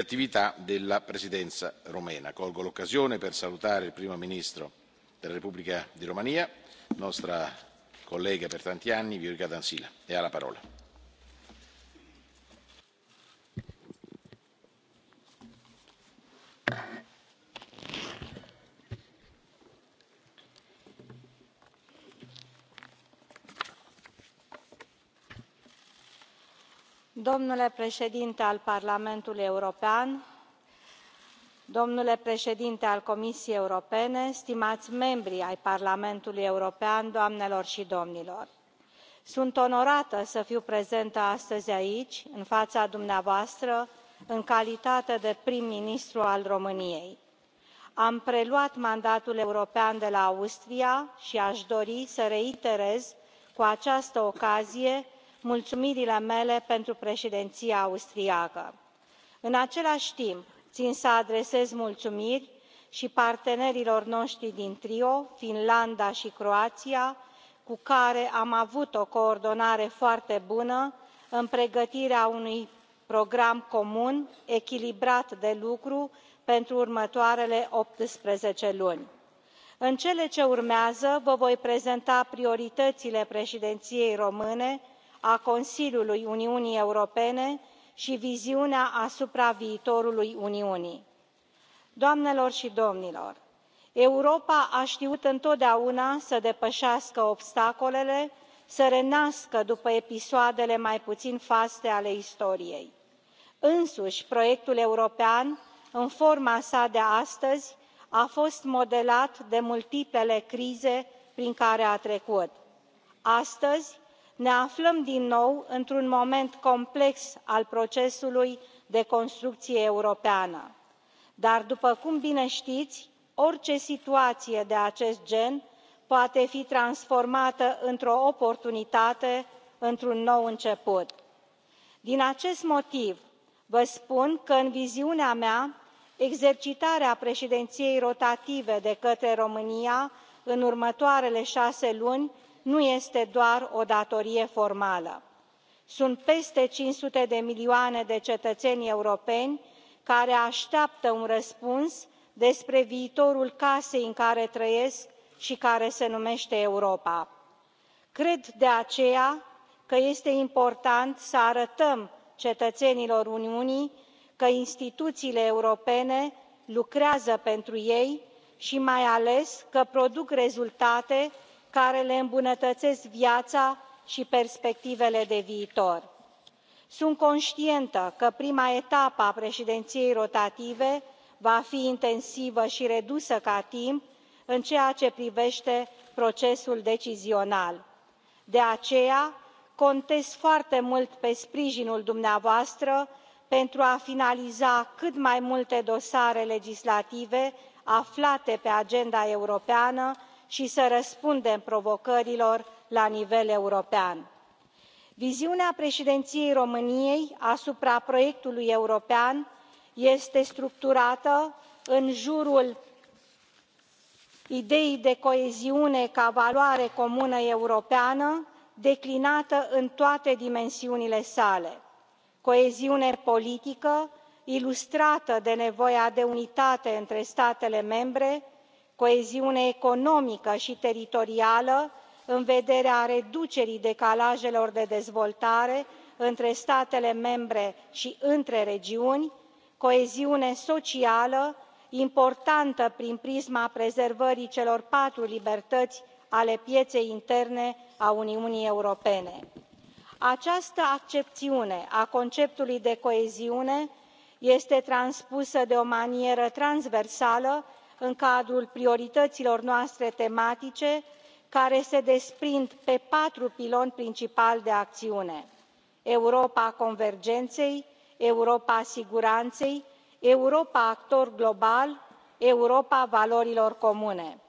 attività della presidenza romena. colgo l'occasione per salutare il primo ministro della repubblica di romania nostra collega per tanti anni viorica e parola. domnule președinte al parlamentului european domnule președinte al comisiei europene stimați membri ai parlamentului european doamnelor și domnilor sunt onorată să fiu prezentă astăzi aici în fața dumneavoastră în calitate de prim ministru al româniei. am preluat mandatul european de la austria și aș dori să reiterez cu această ocazie mulțumirile mele pentru președinția austriacă. în același timp țin să adresez mulțumiri și partenerilor noștri din trio finlanda și croația cu care am avut o coordonare foarte bună în pregătirea unui program comun echilibrat de lucru pentru următoarele 18 luni. în cele ce urmează vă voi prezenta prioritățile președinției române a consiliului uniunii europene și viziunea asupra viitorului uniunii. doamnelor și domnilor europa a știut întotdeauna să depășească obstacolele să renască după episoadele mai puțin faste ale istoriei. însuși proiectul european în forma sa de astăzi a fost modelat de multiplele crize prin care a trecut. astăzi ne aflăm din nou într un moment complex al procesului de construcție europeană dar după cum bine știți orice situație de acest gen poate fi transformată într o oportunitate într un nou început. din acest motiv vă spun că în viziunea mea exercitarea președinției rotative de către românia în următoarele șase luni nu este doar o datorie formală sunt peste 500 de milioane de cetățeni europeni care așteaptă un răspuns despre viitorul casei în care trăiesc și care se numește europa. cred de aceea că este important să arătăm cetățenilor uniunii că instituțiile europene lucrează pentru ei și mai ales că produc rezultate care le îmbunătățesc viața și perspectivele de viitor. sunt conștientă că prima etapă a președinției rotative va fi intensivă și redusă ca timp în ceea ce privește procesul decizional. de aceea contez foarte mult pe sprijinul dumneavoastră pentru a finaliza cât mai multe dosare legislative aflate pe agenda europeană și să răspundem provocărilor la nivel european. viziunea președinției româniei asupra proiectului european este structurată în jurul ideii de coeziune ca valoare comună europeană declinată în toate dimensiunile sale coeziune politică ilustrată de nevoia de unitate între statele membre coeziune economică și teritorială în vederea reducerii decalajelor de dezvoltare între statele membre și între regiuni coeziune socială importantă prin prisma prezervării celor patru libertăți ale pieței interne a uniunii europene. această accepțiune a conceptului de coeziune este transpusă de o manieră transversală în cadrul priorităților noastre tematice care se desprind pe patru piloni principali de acțiune europa convergenței europa siguranței europa actor global europa valorilor comune.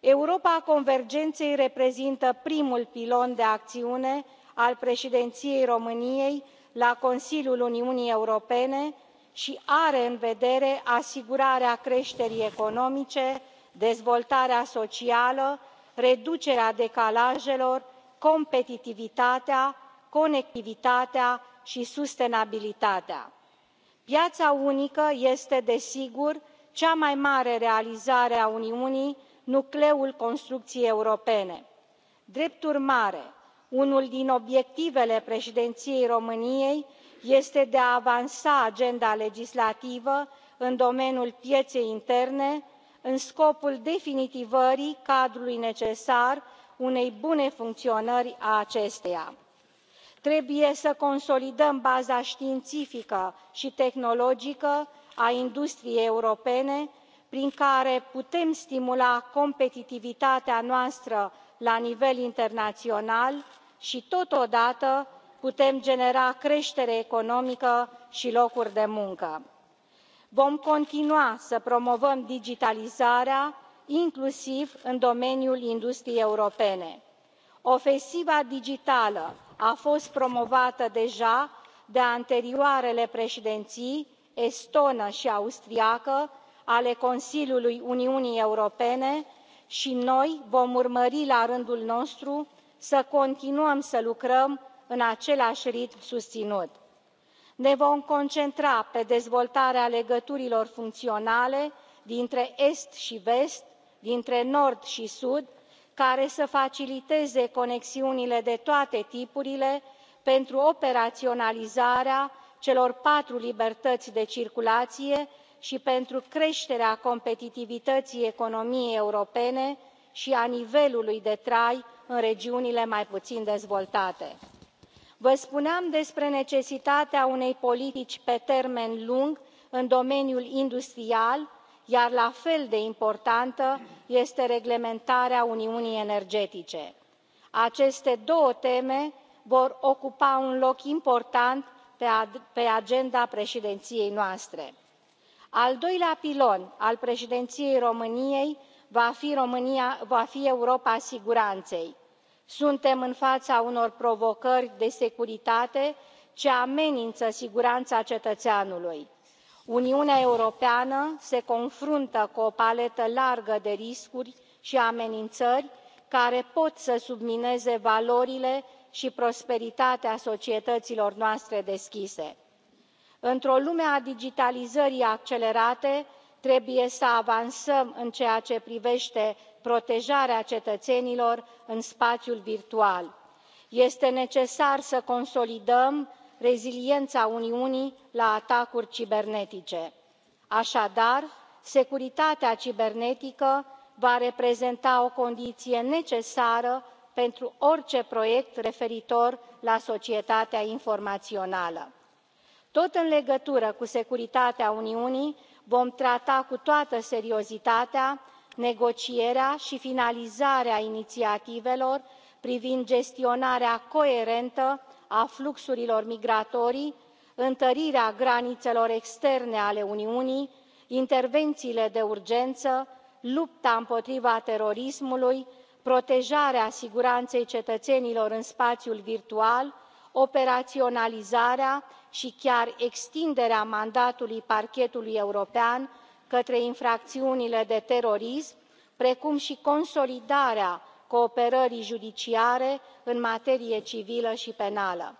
europa convergenței reprezintă primul pilon de acțiune al președinției româniei la consiliul uniunii europene și are în vedere asigurarea creșterii economice dezvoltarea socială reducerea decalajelor competitivitatea conectivitatea și sustenabilitatea. piața unică este desigur cea mai mare realizare a uniunii nucleul construcției europene. drept urmare unul din obiectivele președinției româniei este de a avansa agenda legislativă în domeniul pieței interne în scopul definitivării cadrului necesar unei bune funcționări a acesteia. trebuie să consolidăm baza științifică și tehnologică a industriei europene prin care putem stimula competitivitatea noastră la nivel internațional și totodată putem genera creștere economică și locuri de muncă. vom continua să promovăm digitalizarea inclusiv în domeniul industriei europene. ofensiva digitală a fost promovată deja de anterioarele președinții estonă și austriacă ale consiliului uniunii europene și noi vom urmări la rândul nostru să continuăm să lucrăm în același ritm susținut. ne vom concentra pe dezvoltarea legăturilor funcționale dintre est și vest dintre nord și sud care să faciliteze conexiunile de toate tipurile pentru operaționalizarea celor patru libertăți de circulație și pentru creșterea competitivității economiei europene și a nivelului de trai în regiunile mai puțin dezvoltate vă spuneam despre necesitatea unei politici pe termen lung în domeniul industrial iar la fel de importantă este reglementarea uniunii energetice. aceste două teme vor ocupa un loc important pe agenda președinției noastre. al doilea pilon al președinției româniei va fi europa siguranței suntem în fața unor provocări de securitate ce amenință siguranța cetățeanului. uniunea europeană se confruntă cu o paletă largă de riscuri și amenințări care pot să submineze valorile și prosperitatea societăților noastre deschise. într o lume a digitalizării accelerate trebuie să avansăm în ceea ce privește protejarea cetățenilor în spațiul virtual. este necesar să consolidăm reziliența uniunii la atacuri cibernetice. așadar securitatea cibernetică va reprezenta o condiție necesară pentru orice proiect referitor la societatea informațională. tot în legătură cu securitatea uniunii vom trata cu toată seriozitatea negocierea și finalizarea inițiativelor privind gestionarea coerentă a fluxurilor migratorii întărirea granițelor externe ale uniunii intervențiile de urgență lupta împotriva terorismului protejarea siguranței cetățenilor în spațiul virtual operaționalizarea și chiar extinderea mandatului parchetului european către infracțiunile de terorism precum și consolidarea cooperării judiciare în materie civilă și penală.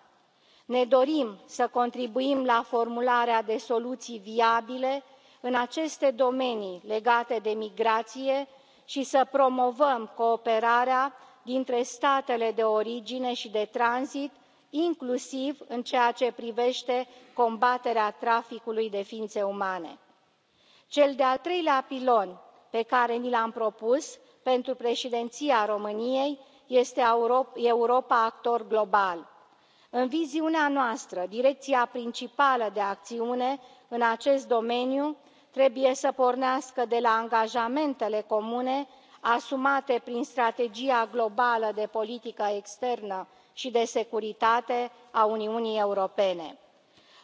ne dorim să contribuim la formularea de soluții viabile în aceste domenii legate de migrație și să promovăm cooperarea dintre statele de origine și de tranzit inclusiv în ceea ce privește combaterea traficului de ființe umane cel de al treilea pilon pe care ni l am propus pentru președinția româniei este europa actor global. în viziunea noastră direcția principală de acțiune în acest domeniu trebuie să pornească de la angajamentele comune asumate prin strategia globală de politică externă și de securitate a uniunii europene.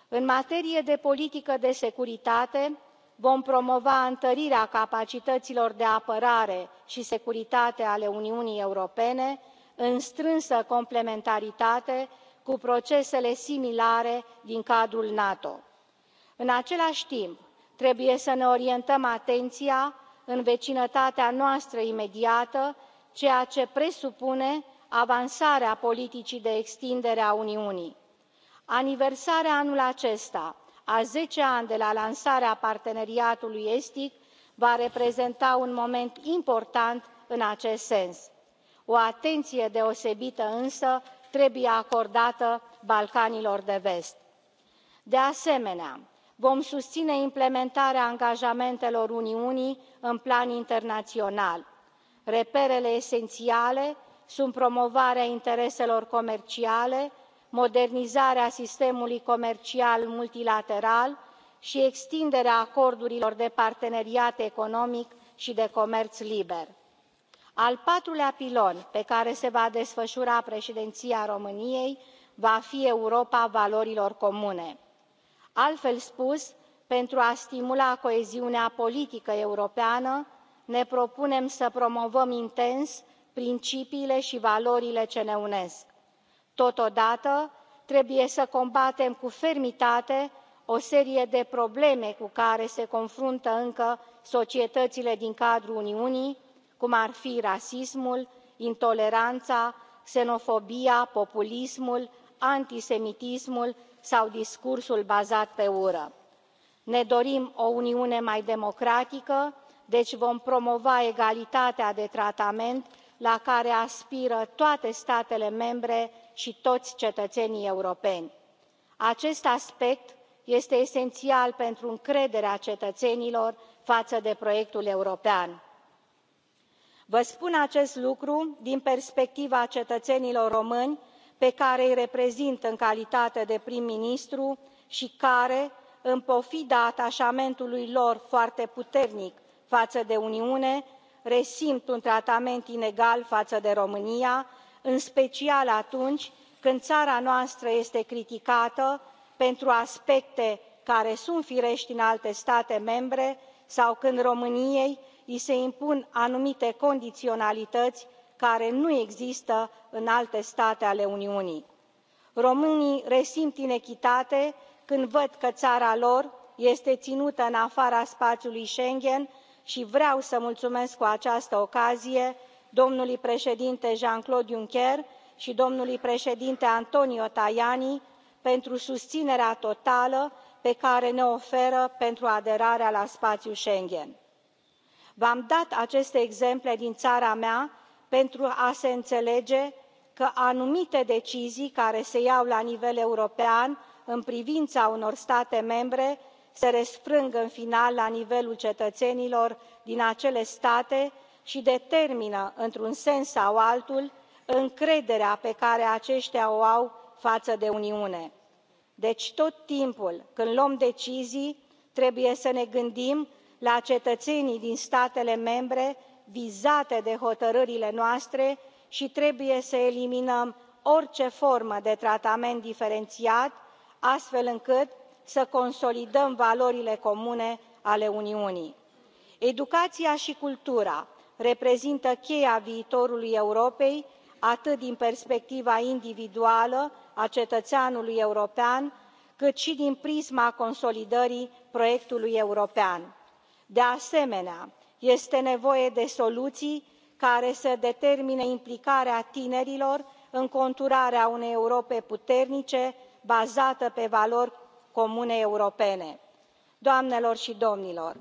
în materie de politică de securitate vom promova întărirea capacităților de apărare și securitate ale uniunii europene în strânsă complementaritate cu procesele similare din cadrul nato. în același timp trebuie să ne orientăm atenția în vecinătatea noastră imediată ceea ce presupune avansarea politicii de extindere a uniunii. aniversarea anul acesta a zece ani de la lansarea parteneriatului estic va reprezenta un moment important în acest sens. o atenție deosebită însă trebuie acordată balcanilor de vest. de asemenea vom susține implementarea angajamentelor uniunii în plan internațional. reperele esențiale sunt promovarea intereselor comerciale modernizarea sistemului comercial multilateral și extinderea acordurilor de parteneriat economic și de comerț liber. al patrulea pilon pe care se va desfășura președinția româniei va fi europa valorilor comune altfel spus pentru a stimula coeziunea politică europeană ne propunem să promovăm intens principiile și valorile ce ne unesc totodată trebuie să combatem cu fermitate o serie de probleme cu care se confruntă încă societățile din cadrul uniunii cum ar fi rasismul intoleranța xenofobia populismul antisemitismul sau discursul bazat pe ură. ne dorim o uniune mai democratică deci vom promova egalitatea de tratament la care aspiră toate statele membre și toți cetățenii europeni. acest aspect este esențial pentru încrederea cetățenilor față de proiectul european. vă spun acest lucru din perspectiva cetățenilor români pe care îi reprezint în calitate de prim ministru și care în pofida atașamentului lor foarte puternic față de uniune resimt un tratament inegal față de românia în special atunci când țara noastră este criticată pentru aspecte care sunt firești în alte state membre sau când româniei i se impun anumite condiționalități care nu există în alte state ale uniunii. românii resimt inechitate când văd că țara lor este ținută în afara spațiului schengen și vreau să mulțumesc cu această ocazie domnului președinte jean claude juncker și domnului președinte antonio tajani pentru susținerea totală pe care ne o oferă pentru aderarea la spațiul schengen. v am dat aceste exemple din țara mea pentru a se înțelege că anumite decizii care se iau la nivel european în privința unor state membre se răsfrâng în final la nivelul cetățenilor din acele state și determină într un sens sau altul încrederea pe care aceștia o au față de uniune. deci tot timpul când luăm decizii trebuie să ne gândim la cetățenii din statele membre vizate de hotărârile noastre și trebuie să eliminăm orice formă de tratament diferențiat astfel încât să consolidăm valorile comune ale uniunii. educația și cultura reprezintă cheia viitorului europei atât din perspectiva individuală a cetățeanului european cât și din prisma consolidării proiectului european. de asemenea este nevoie de soluții care să determine implicarea tinerilor în conturarea unei europe puternice bazată pe valori comune europene. doamnelor și domnilor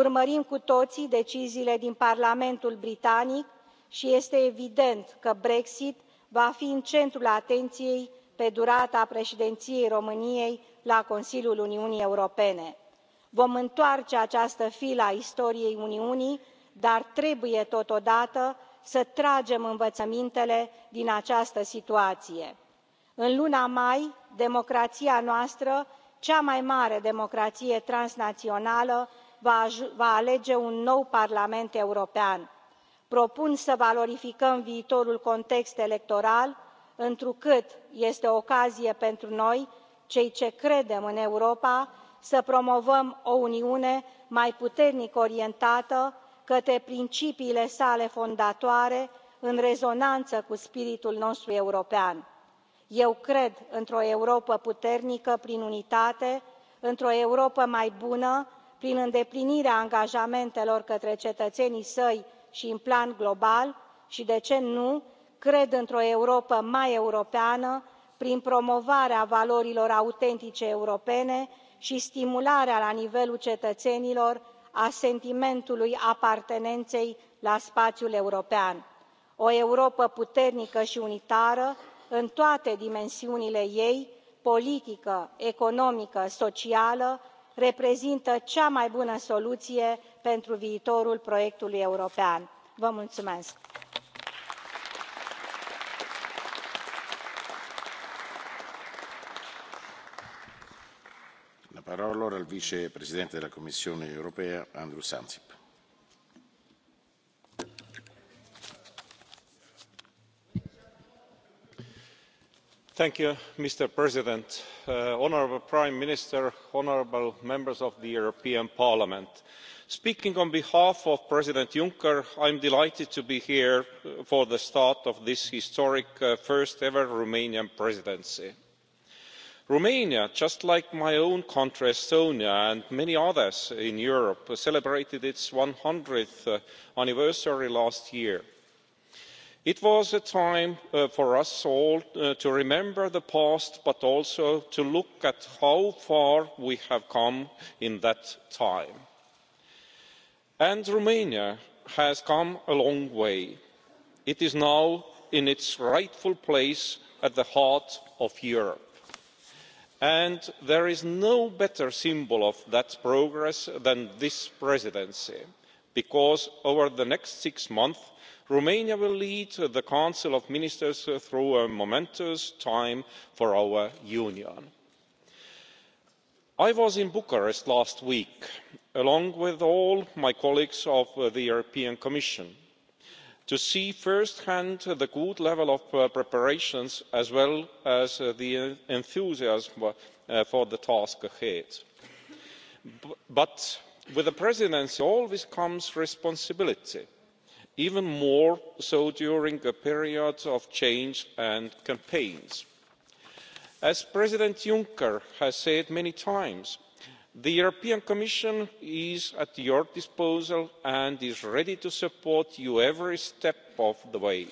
urmărim cu toții deciziile din parlamentul britanic și este evident că brexit va fi în centrul atenției pe durata președinției româniei la consiliul uniunii europene. vom întoarce această filă a istoriei uniunii dar trebuie totodată să tragem învățămintele din această situație. în luna mai democrația noastră cea mai mare democrație transnațională va alege un nou parlament european. propun să valorificăm viitorul context electoral întrucât este o ocazie pentru noi cei ce credem în europa să promovăm o uniune mai puternic orientată către principiile sale fondatoare în rezonanță cu spiritul nostru european. eu cred într o europă puternică prin unitate într o europă mai bună prin îndeplinirea angajamentelor către cetățenii săi și în plan global și de ce nu cred într o europă mai europeană prin promovarea valorilor autentice europene și stimularea la nivelul cetățenilor a sentimentului apartenenței la spațiul european o europă puternică și unitară în toate dimensiunile ei politică economică socială reprezintă cea mai bună soluție pentru viitorul proiectului european. vă mulțumesc. la parola al vicepresidente la commissione europea Andrew mr president uh, honourable prime minister honourable members of the european parliament speaking on behalf of president juncker i am delighted to be here for the start of this historic uh, first ever romanian presidency. romania just like my own country estonia and many others in europe celebrated its one hundredth uh, anniversary last year it was a time uh, for us all uh, to remember the past but also to look at how far we have come in that time and romania has come a long way. it is now in its rightful place at the heart of europe and there is no better symbol of that progress than this presidency because over the next six months romania will lead the council of ministers through a momentous time for our union. i was in bucharest last week along with all my colleagues of the european commission to see first hand the good level of uh, preparations as well as uh, the enthusiasm uh, for the task ahead. but with the presidency always comes responsibility even more so during a period of change and campaigns. as president juncker has said many times the european commission is at your disposal and is ready to support you every step of the way.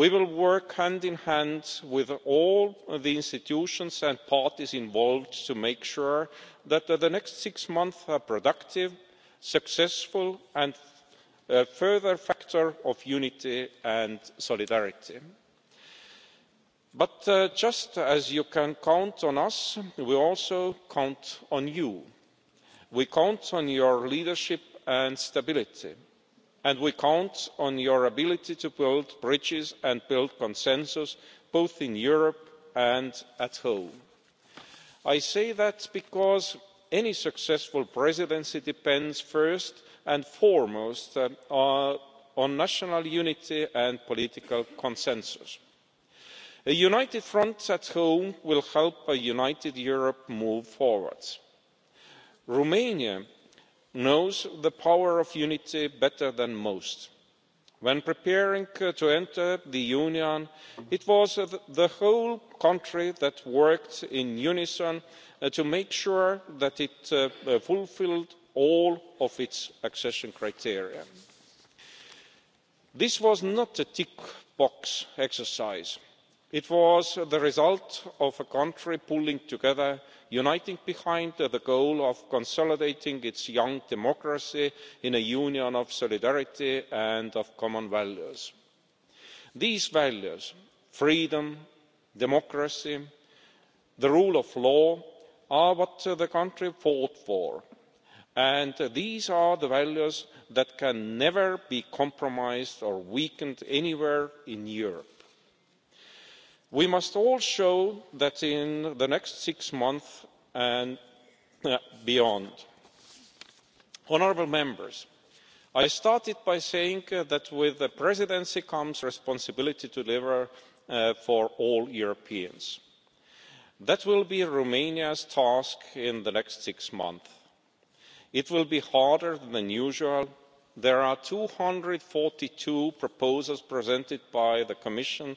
we will work hand in hand with all the institutions and parties involved to make sure that the next six months are productive successful and a further factor of unity and solidarity. but uh, just as you can count on us we also count on you. we count on your leadership and stability and we count on your ability to build bridges and build consensus both in europe and at home. i say that because any successful presidency depends first and foremost uh, uh, on national unity and political consensus. a united front at home will help a united europe move forward. romania knows the power of unity better than most. when preparing to enter the union it was the whole country that worked in unison uh, to make sure that it fulfilled all of its accession criteria. this was not a tick box exercise. it was the result of a country pulling together uniting behind the goal of consolidating its young democracy in a union of solidarity and of common values. these values freedom democracy and the rule of law are what the country fought for and these are the values that can never be compromised or weakened anywhere in europe. we must all show that in the next six months and uh, beyond. honourable members i started by saying uh, that with the presidency comes responsibility to deliver uh, for all europeans. that will be romania's task in the next six months it will be harder than usual there are two hundred and forty two proposals presented by the commission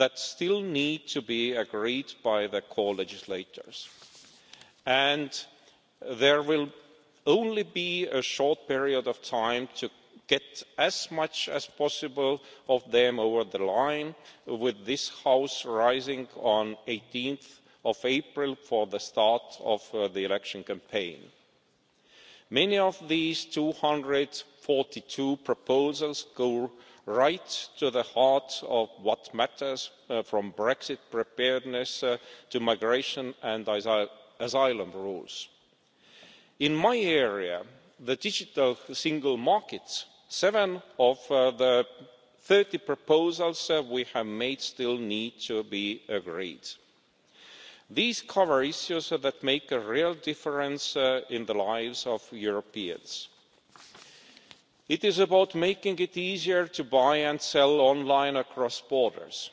that still need to be agreed by the co legislators and there will only be a short period of time to get as much as possible of them over the line with this house rising on eighteen april for the start of uh, the election campaign many of these two hundred and forty two proposals go right to the heart of what matters uh, from brexit preparedness uh, to migration and asylum rules. in my area the digital single market seven of uh, the thirty proposals we have made still need to be agreed these cover issues that make a real difference uh, in the lives of europeans. it is about making it easier to buy and sell online across borders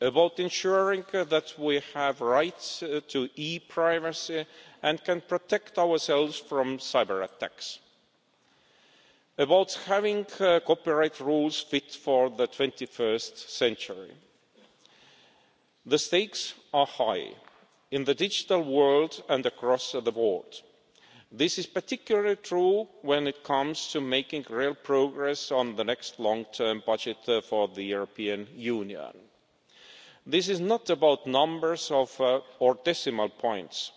about ensuring that we have rights uh, to e privacy and can protect ourselves from cyber attacks. about having uh, copyright rules fit for the twenty first century. the stakes are high in the digital world and across the board. this is particularly true when it comes to making real progress on the next long term budget uh, for the european union. this is not about numbers uh, or decimal points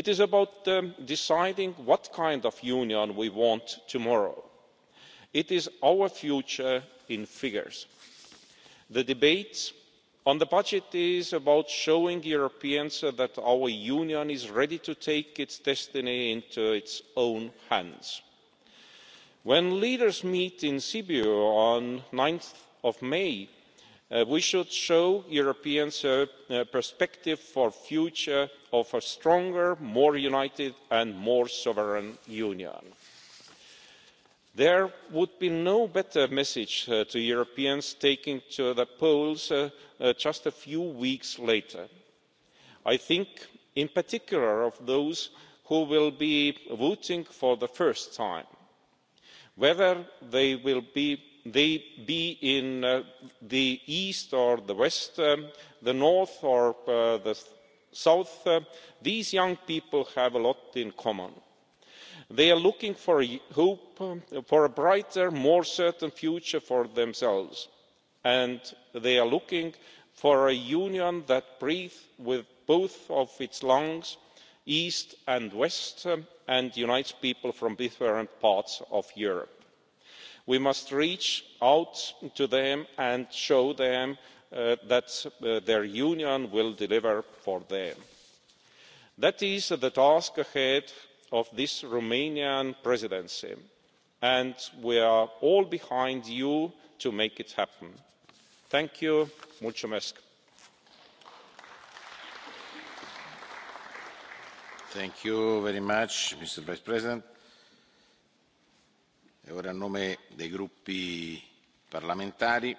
it is about um, deciding what kind of union we want tomorrow. it is our future in figures. the debates on the budget is about showing europeans that our union is ready to take its destiny into its own hands. when leaders meet in sibiu on nine may uh, we should show europeans a perspective for the future of a stronger more united and more sovereign union there would be no better message uh, to europeans taking to the polls uh, uh, just a few weeks later. i think in particular of those who will be voting for the first time whether they will be in the east or the west um, the north or the south these young people have a lot in common they are looking for hope uh, for a brighter more certain future for themselves and they are looking for a union that breathes with both of its lungs east and west um, and unites people from different parts of europe. we must reach out to them and show them uh, that uh, their union will deliver for them. that is the task ahead of this romanian presidency and we are all behind you to make it happen. thank you. thank you very much mr vice president. e ora a nome dei gruppi parlamentari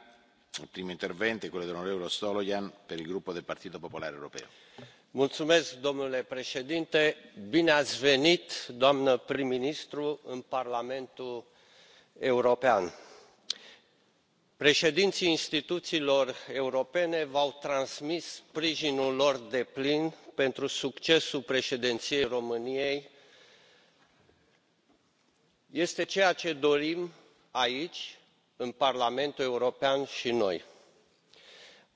il primo intervento è quello dell'onorevole stolojan per il gruppo del partito popolare europeo domnule președinte bine ați venit doamnă prim ministru în parlamentul european. președinții instituțiilor europene v au transmis sprijinul lor deplin pentru succesul președinției româniei. este ceea ce dorim aici în parlamentul european și noi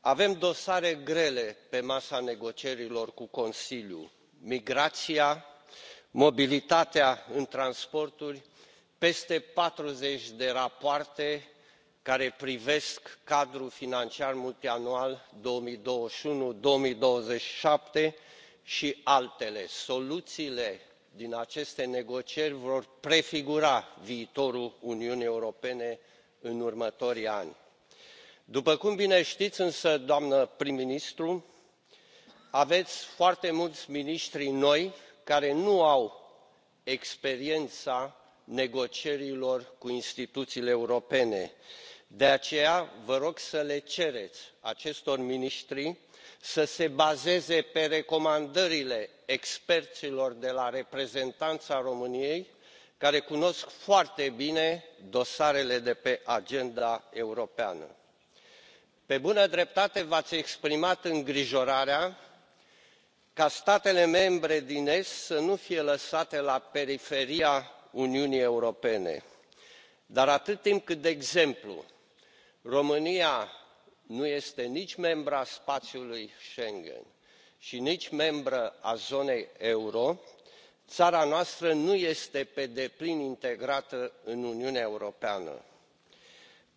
avem dosare grele pe masa negocierilor cu consiliul migrația mobilitatea în transporturi peste patruzeci de rapoarte care privesc cadrul financiar multianual două mii douăzeci și unu douăzeci șapte și altele. soluțiile din aceste negocieri vor prefigura viitorul uniunii europene în următorii ani după cum bine știți însă doamnă prim ministru aveți foarte mulți miniștri noi care nu au experiența negocierilor cu instituțiile europene de aceea vă rog să le cereți acestor miniștri să se bazeze pe recomandările experților de la reprezentanța româniei care cunosc foarte bine dosarele de pe agenda europeană pe bună dreptate v ați exprimat îngrijorarea ca statele membre din est să nu fie lăsate la periferia uniunii europene dar atât timp cât de exemplu românia nu este nici membră a spațiului schengen și nici membră a zonei euro țara noastră nu este pe deplin integrată în uniunea europeană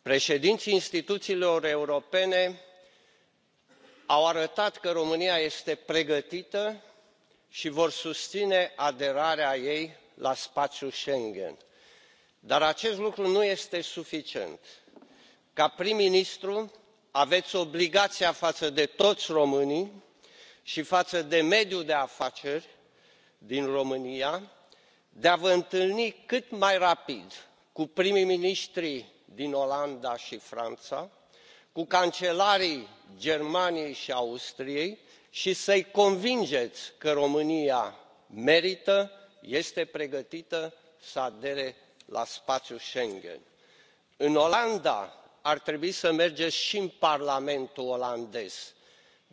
președinții instituțiilor europene au arătat că românia este pregătită și vor susține aderarea ei la spațiul schengen dar acest lucru nu este suficient. ca prim ministru aveți obligația față de toți românii și față de mediul de afaceri din românia de a vă întâlni cât mai rapid cu prim miniștrii din olanda și franța cu cancelarii germaniei și austriei și să i convingeți că românia merită este pregătită să adere la spațiul schengen. în olanda ar trebui să mergeți și în parlamentul olandez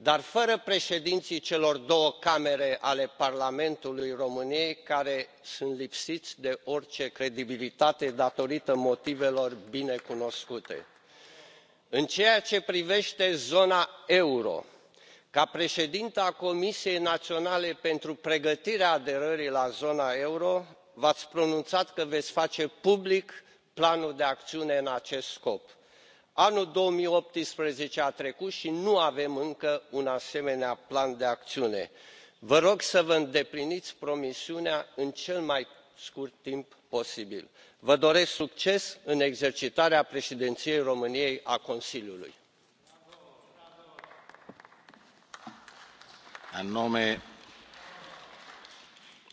dar fără președinții celor două camere ale parlamentului româniei care sunt lipsiți de orice credibilitate datorită motivelor bine cunoscute. în ceea ce privește zona euro ca președintă a comisiei naționale pentru pregătirea aderării la zona euro v ați pronunțat că veți face public planul de acțiune în acest scop anul 2018. a trecut și nu avem încă un asemenea plan de acțiune. vă rog să vă îndepliniți promisiunea în cel mai scurt timp posibil. vă doresc succes în exercitarea președinției româniei a consiliului. a nome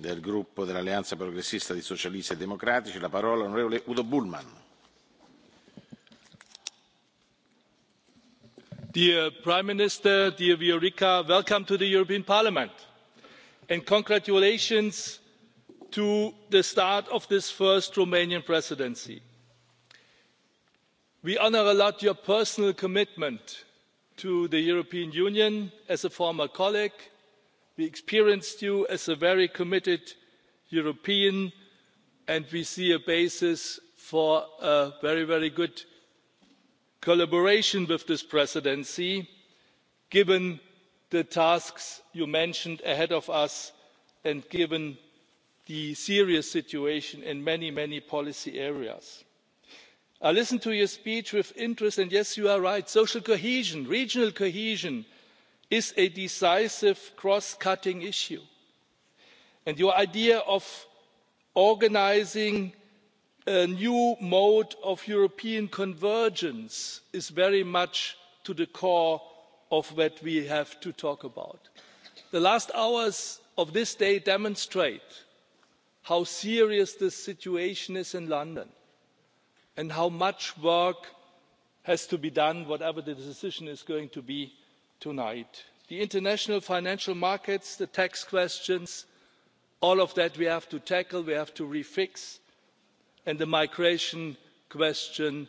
del gruppo dell'alleanza progressista di socialisti e democratici la parola onorevole udo bullmann. dear prime minister dear viorica welcome to the european parliament and congratulations to the start of this first romanian presidency. we honour a lot your personal commitment to the european union as a former colleague we experienced you as a very committed european and we see a basis for a very very good collaboration with this presidency given the tasks you mentioned ahead of us and given the serious situation in many many policy areas. i listened to your speech with interest and yes you are right social cohesion regional cohesion is a decisive cross cutting issue and your idea of organising a new mode of european convergence is very much to the core of what we have to talk about. the last hours of this day demonstrate how serious the situation is in london and how much work has to be done whatever the decision is going to be tonight. the international financial markets the tax questions all of that we have to tackle we have to refix and the migration question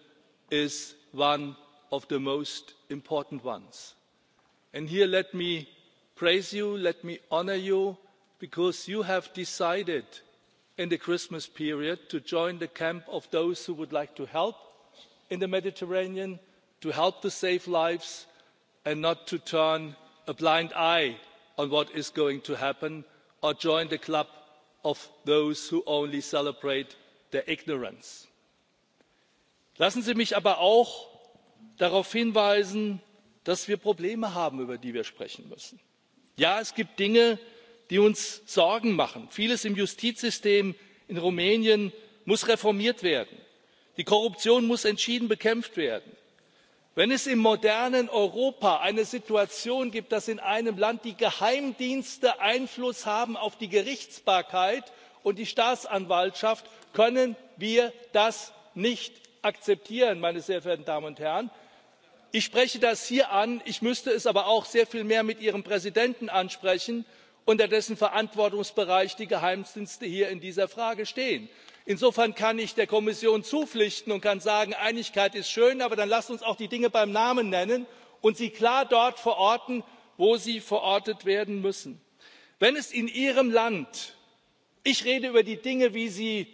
is one of the most important ones. and here let me praise you let me honour you because you have decided in the christmas period to join the camp of those who would like to help in the mediterranean to help to save lives and not to turn a blind eye to what is going to happen or join the club of those who only celebrate der ignoranz. lassen sie mich aber auch darauf hinweisen dass wir probleme haben über die wir sprechen müssen. ja es gibt dinge die uns sorgen machen vieles im justizsystem in rumänien muss reformiert werden die korruption muss entschieden bekämpft werden. wenn es im modernen europa eine situation gibt dass in einem land die geheimdienste einfluss haben auf die gerichtsbarkeit und die staatsanwaltschaft können wir das nicht akzeptieren meine sehr verehrten damen und herren. ich spreche das hier an ich müsste es aber auch sehr viel mehr mit ihrem präsidenten ansprechen unter dessen verantwortungsbereich die geheimdienste hier in dieser frage stehen. insofern kann ich der kommission zupflichten und kann sagen einigkeit ist schön aber dann lasst uns auch die dinge beim namen nennen und sie klar dort verorten wo sie verortet werden müssen. wenn es in ihrem land ich rede über die dinge wie sie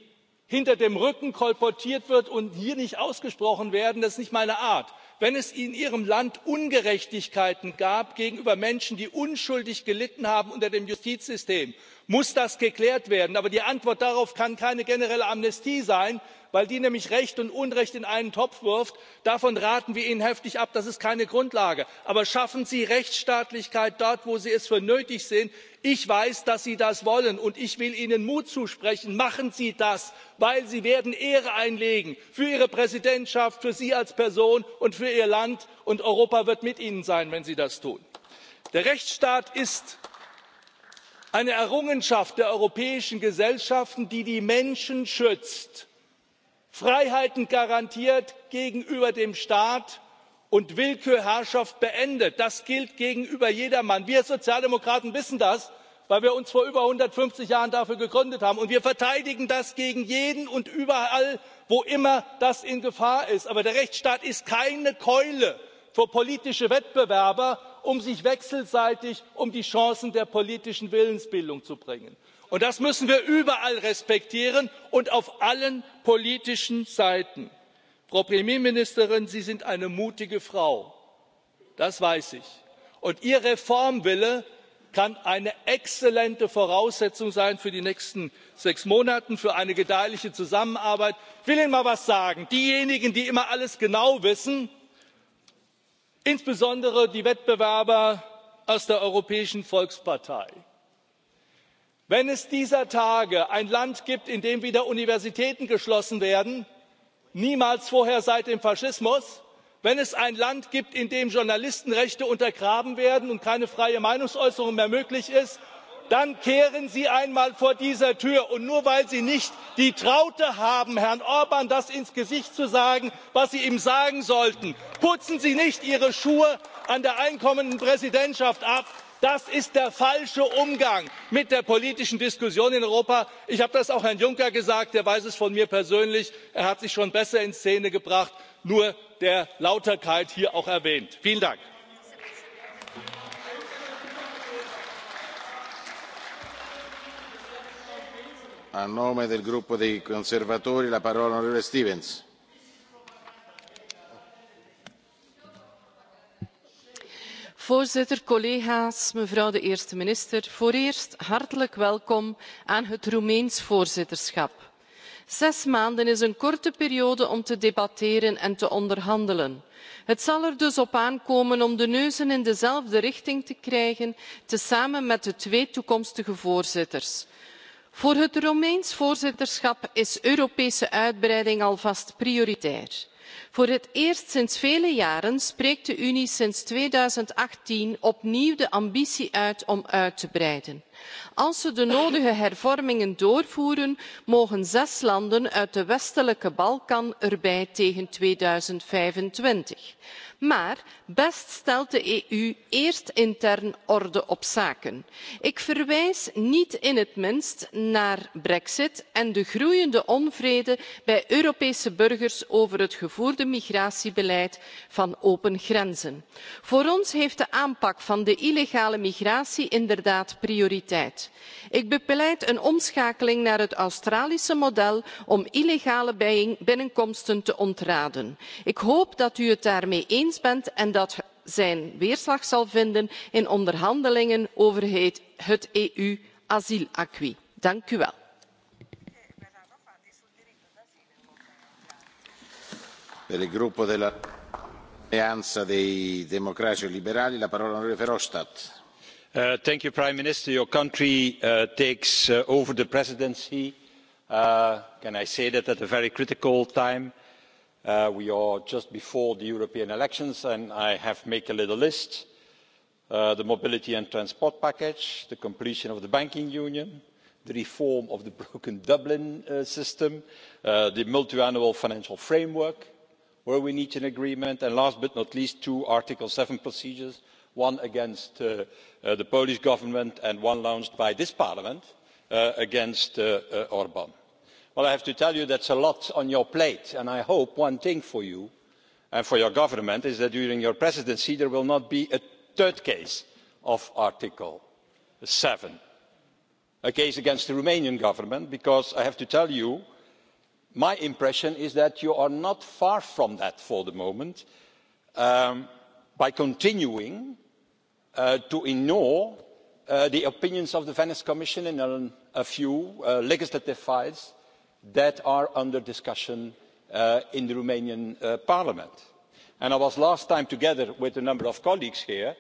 hinter dem rücken kolportiert werden und hier nicht ausgesprochen werden das ist nicht meine art. wenn es in ihrem land ungerechtigkeiten gab gegenüber menschen die unschuldig gelitten haben unter dem justizsystem muss das geklärt werden. aber die antwort darauf kann keine generelle amnestie sein weil die nämlich recht und unrecht in einen topf wirft. davon raten wir ihnen heftig ab das ist keine grundlage. aber schaffen sie rechtsstaatlichkeit dort wo sie es für nötig sehen ich weiß dass sie das wollen und ich will ihnen mut zusprechen machen sie das weil sie werden ehre einlegen für ihre präsidentschaft für sie als person und für ihr land und europa wird mit ihnen sein wenn sie das tun. der rechtsstaat ist eine errungenschaft der europäischen gesellschaften die die menschen schützt freiheiten garantiert gegenüber dem staat und willkürherrschaft beendet. das gilt gegenüber jedermann. wir sozialdemokraten wissen das weil wir uns vor über einhundertfünfzig jahren dafür gegründet haben und wir verteidigen das gegen jeden und überall wo immer das in gefahr ist. aber der rechtsstaat ist keine keule für politische wettbewerber um sich wechselseitig um die chancen der politischen willensbildung zu bringen. das müssen wir überall respektieren und auf allen politischen seiten frau premierministerin sie sind eine mutige frau das weiß ich und ihr reformwille kann eine exzellente voraussetzung sein für die nächsten sechs monate für eine gedeihliche zusammenarbeit. ich will ihnen mal etwas sagen diejenigen die immer alles genau wissen insbesondere die wettbewerber aus der europäischen volkspartei wenn es dieser tage ein land gibt in dem wieder universitäten geschlossen werden niemals vorher seit dem faschismus wenn es ein land gibt in dem journalistenrechte untergraben werden und keine freie meinungsäußerung mehr möglich ist dann kehren sie einmal vor dieser tür und nur weil sie nicht die traute haben herrn orbn das ins gesicht zu sagen was sie ihm sagen sollten putzen sie nicht ihre schuhe an der einkommenden präsidentschaft ab das ist der falsche umgang mit der politischen diskussion in europa. ich habe das auch herrn juncker gesagt der weiß es von mir persönlich er hat sich schon besser in szene gebracht nur der lauterkeit hier auch erwähnt. vielen dank! voorzitter collega's mevrouw de eerste minister vooreerst hartelijk welkom aan het roemeens voorzitterschap. zes maanden is een korte periode om te debatteren en te onderhandelen. het zal er dus op aankomen om de neuzen in dezelfde richting te krijgen tezamen met de twee toekomstige voorzitters. voor het roemeens voorzitterschap is europese uitbreiding alvast prioritair voor het eerst sinds vele jaren spreekt de unie sinds tweeduizendachttien opnieuw de ambitie uit om uit te breiden als we de nodige hervormingen doorvoeren mogen zes landen uit de westelijke balkan erbij tegen. tweeduizendvijfentwintig maar best stelt de eu eerst intern orde op zaken. ik verwijs niet in het minst naar brexit en de groeiende onvrede bij europese burgers over het gevoerde migratiebeleid van open grenzen. voor ons heeft de aanpak van de illegale migratie inderdaad prioriteit criminaliteit. ik bepleit een omschakeling naar het australische model om illegale binnenkomsten te ontraden. ik hoop dat u het daarmee eens bent en dat zijn weerslag zal vinden in onderhandelingen over het eu e asielakkoord. dank u wel. Per il gruppo dei Uh, thank you prime minister your country uh, takes uh, over the presidency can i say that at a very critical time we are just before the european elections and i have made a little list the mobility and transport package the completion of the banking union the reform of the broken dublin system the multiannual financial framework where we need an agreement and last but not least two article seven procedures one against uh, uh, the polish government and one launched by this parliament uh, against orbn. well i have to tell you that's a lot on your plate and i hope one thing for you and for your government is that during your presidency there will not be a third case of article seven a case against the romanian government because i have to tell you my impression is that you are not far from that for the moment um, by continuing Uh, to ignore uh, the opinions of the venice commission in um, a few uh, legislative files that are under discussion in the romanian parliament. i was last time together with a number of colleagues here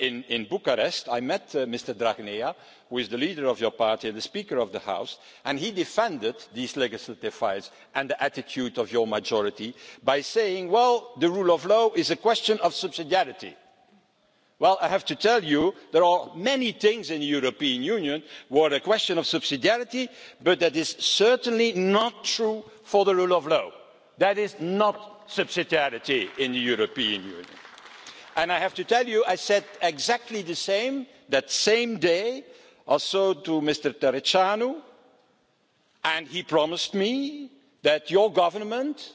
in bucharest i met mr dragnea who is the leader of your party and the speaker of the house and he defended these legislative files and the attitude of your majority by saying well the rule of law is a question of subsidiarity well i have to tell you there are many things in the european union where the question of subsidiarity but that is certainly not true for the rule of law. that is not subsidiarity in the european union. and i have to tell you i said exactly the same that same day also to mr triceanu and he promised me that your government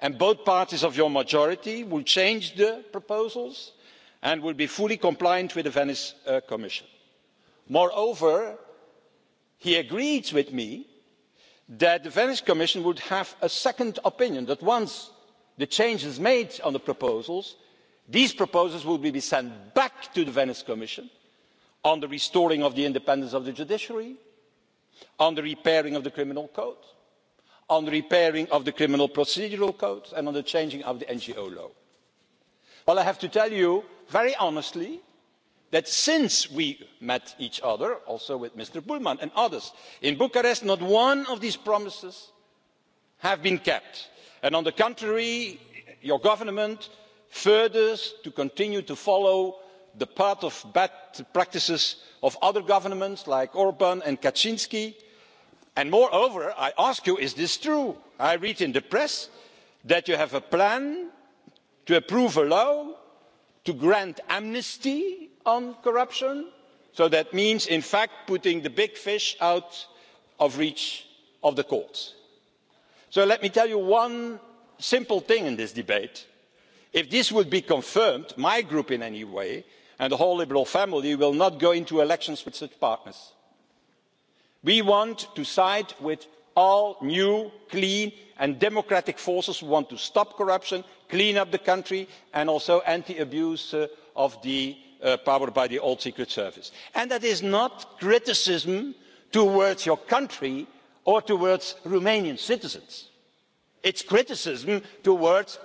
and both parties of your majority will change the proposals and will be fully compliant with the venice uh, commission. moreover he agreed with me that the venice commission would have a second opinion that once the changes made on the proposals these proposals will be sent back to the venice commission on the restoring of the independence of the judiciary on the repairing of the criminal code on the repairing of the criminal procedural code and on the changing of the ngo law. well i have to tell very honestly that since we met each other also with mr bullmann and others in bucharest not one of these promises has been kept and on the contrary your government furthers to continue to follow the path of bad practices of other governments like orbn and Kaczynski and moreover i ask you is this true? i read in the press that you have a plan to approve a law to grant amnesty on corruption so that means in fact putting the big fish out of reach of the courts. so let me tell you one simple thing in this debate if this were to be confirmed my group in any way and the whole liberal family will not go into elections with such partners. we want to side with all new clean and democratic forces who want to stop corruption clean up the country and also anti abuse uh, of the uh, power by the old secret service. and that is not criticism towards your country or towards romanian citizens it's criticism towards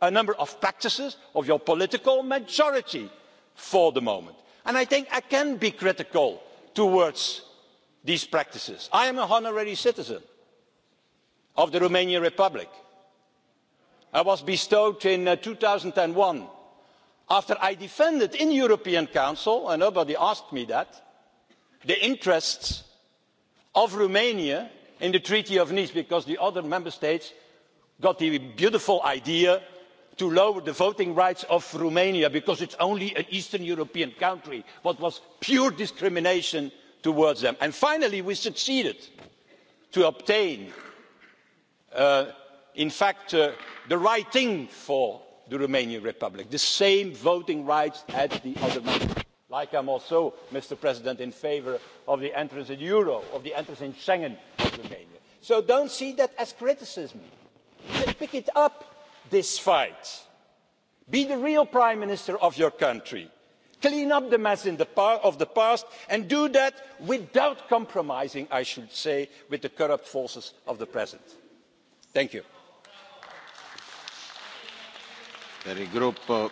a number of practices of your political majority for the moment and i think i can be critical towards these practices. i am an honorary citizen of the romanian republic. I was bestowed in uh, two thousand and one after i defended in the european council and nobody asked me that the interests of romania in the treaty of nice because the other member states got the beautiful idea to lower the voting rights of romania because it's only an eastern european country what was pure discrimination towards them. and finally we succeeded to obtain uh, in fact uh, the right thing for the romanian republic the same voting rights as the other members like i am also in favour of the entrance into the euro of the entrance in schengen of romania. so don't see that as criticism. pick it up this fight. be the real prime minister of your country. clean up the mess pa, of the past and do that without compromising i should say with the corrupt forces of the present. thank you. Welcome,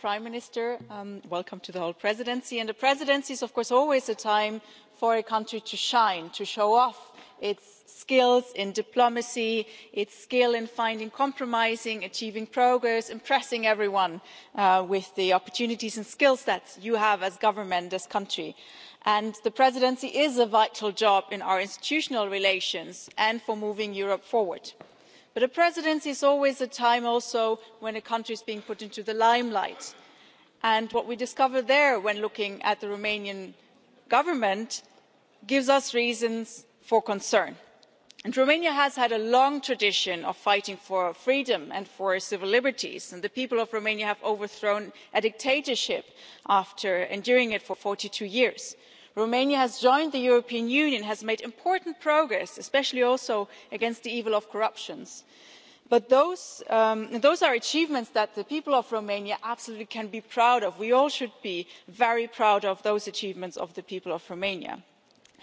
Prime Minister. Um, welcome to the whole presidency. And the presidency is, of course, always a time for a country to shine, to show off its skills in diplomacy its skill in finding compromising achieving progress impressing everyone uh, with the opportunities and skill sets you have as government as country and the presidency is a vital job in our institutional relations and for moving europe forward but a presidency is always a time also when a country is being put into the limelight and what we discover there when looking at the romanian government gives us reasons for concern. romania has had a long tradition of fighting for freedom and for civil liberties and the people of romania have overthrown a dictatorship after enduring it for forty two years romania has joined the european union and has made important progress especially also against the evil of corruption but um, those are achievements that the people of romania absolutely can be proud of. we all should be very proud of those achievements of the people of romania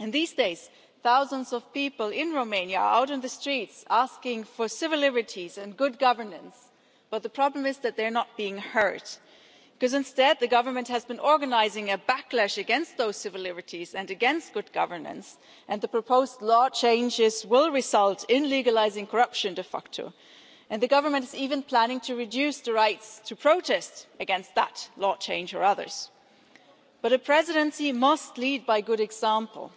these days thousands of people in romania are out on the streets asking for civil liberties and good governance but the problem is that they are not being heard because instead the government has been organising a backlash against those civil liberties and against good governance and the proposed law changes will result in legalising corruption de facto and the government is even planning to reduce the rights to protest against that law change or others. but a presidency must lead by good example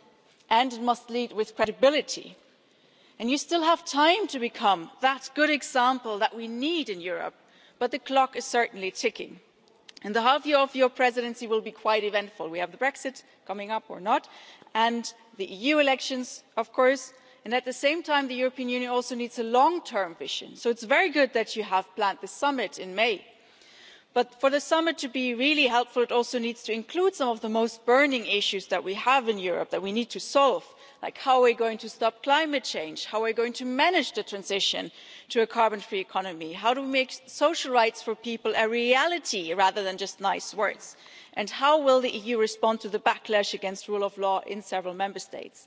and it must lead with credibility and you still have time to become that good example that we need in europe but the clock is certainly ticking the half year of your presidency will be quite eventful we have the brexit coming up or not and the eu elections of course and at the same time the european union also needs a long term vision so it's very good that you have planned the summit in may but for the summit to be really helpful it also needs to include some of the most burning issues that we have in europe that we need to solve like how are we going to stop climate change how are we going to manage the transition to a carbon free economy how do we make social rights for people a reality rather than just nice words and how will the eu respond to the backlash against rule of law in several member states?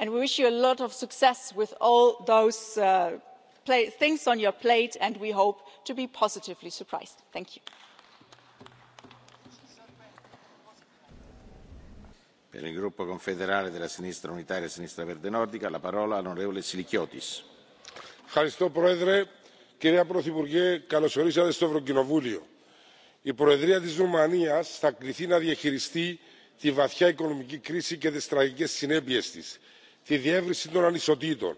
we wish you a lot of success with all those uh, things on your plate and we hope to be positively surprised. thank you. per il gruppo confederale della sinistra unitaria e sinistra verde nordica la parola all'onorevole Ευχαριστώ, Πρόεδρε. Κυρία Πρωθυπουργέ, καλώς ορίσατε στο Ευρωκοινοβούλιο. Η Προεδρία της Ρουμανίας θα κληθεί να διαχειριστεί τη βαθιά οικονομική κρίση και τις τραγικές συνέπειες της, τη διεύρυνση των ανισοτήτων,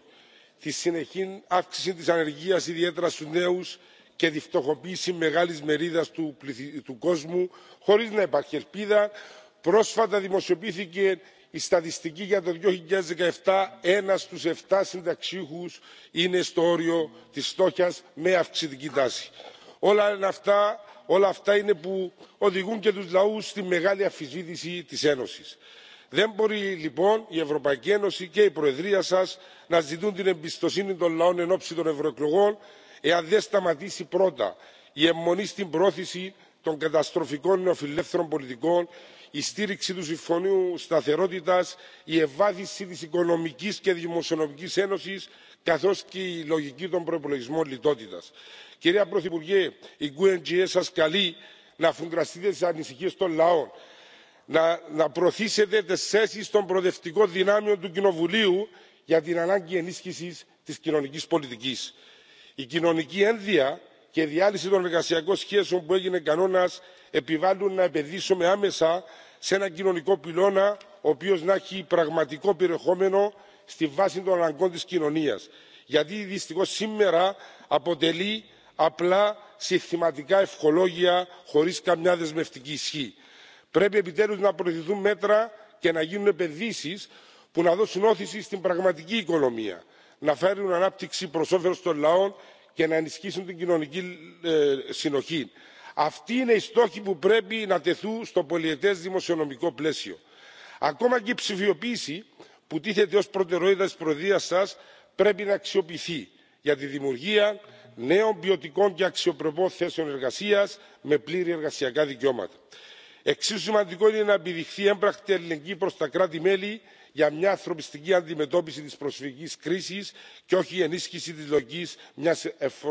τη συνεχή αύξηση της ανεργίας ιδιαίτερα στους νέους και τη φτωχοποίηση μεγάλης μερίδας του, του κόσμου χωρίς να υπάρχει ελπίδα πρόσφατα δημοσιοποιήθηκε η στατιστική για το δύο χιλιάδες δεκαεπτά ένας στους εφτά συνταξιούχους είναι στο όριο της φτώχειας με αυξητική τάση. όλα αυτά είναι που οδηγούν και τους λαούς στη μεγάλη αμφισβήτηση της ένωσης. δεν μπορεί λοιπόν η ευρωπαϊκή ένωση και η προεδρία σας να ζητούν την εμπιστοσύνη των λαών εν ώψη των ευρωεκλογών εάν δεν σταματήσει πρώτα η αιμονή στην πρόθεση των καταστροφικών νεοφιλελεύθερων πολιτικών η στήριξη του συμφωνίου σταθερότητας η ευβάθυνση της οικονομικής και δημοσιονομικής ένωσης καθώς και η λογική των προπολογισμών λιτότητας. κυρία πρωθυπουργέ η gue ngl σας καλεί να αφουγκραστείτε τις ανησυχίες των λαών να προωθήσετε τις θέσεις των προοδευτικών δυνάμεων του κοινοβουλίου για την ανάγκη ενίσχυσης της κοινωνικής πολιτικής. η κοινωνική ένδυα και διάλυση των εργασιακών σχέσεων που έγινε κανόνα επιβάλλουν να επενδύσουμε άμεσα σε ένα κοινωνικό πυλώνα ο οποίο να έχει πραγματικό περιεχόμενο στη βάση των αναγκών τη κοινωνία γιατί δυστυχώ σήμερα αποτελεί απλά συστηματικά ευχολόγια χωρί καμιά δεσμευτική ισχύ. πρέπει επιτέλου να προηγηθούν μέτρα και να γίνουν επενδύσει που να δώσουν όθηση στην πραγματική οικονομία να φέρουν ανάπτυξη προ όφελο των λαών και να ενισχύσουν την κοινωνική συνοχή. αυτοί είναι οι στόχοι που πρέπει να τεθούν στο πολιετές δημοσιονομικό πλαίσιο. ακόμα και η ψηφιοποίηση που τίθεται ω προτεραιότητα τη προεδρία σα πρέπει να αξιοποιηθεί για τη δημιουργία νέων ποιοτικών και αξιοπρεπών θέσεων εργασία με πλήρη εργασιακά δικαιώματα. εξίσου σημαντικό είναι να επιδειχθεί έμπρακτη αλληλεγγύη προ τα κράτη μέλη για μια ανθρωπιστική αντιμετώπιση της προσφυγικής κρίσης και όχι η ενίσχυση της λογικής μιας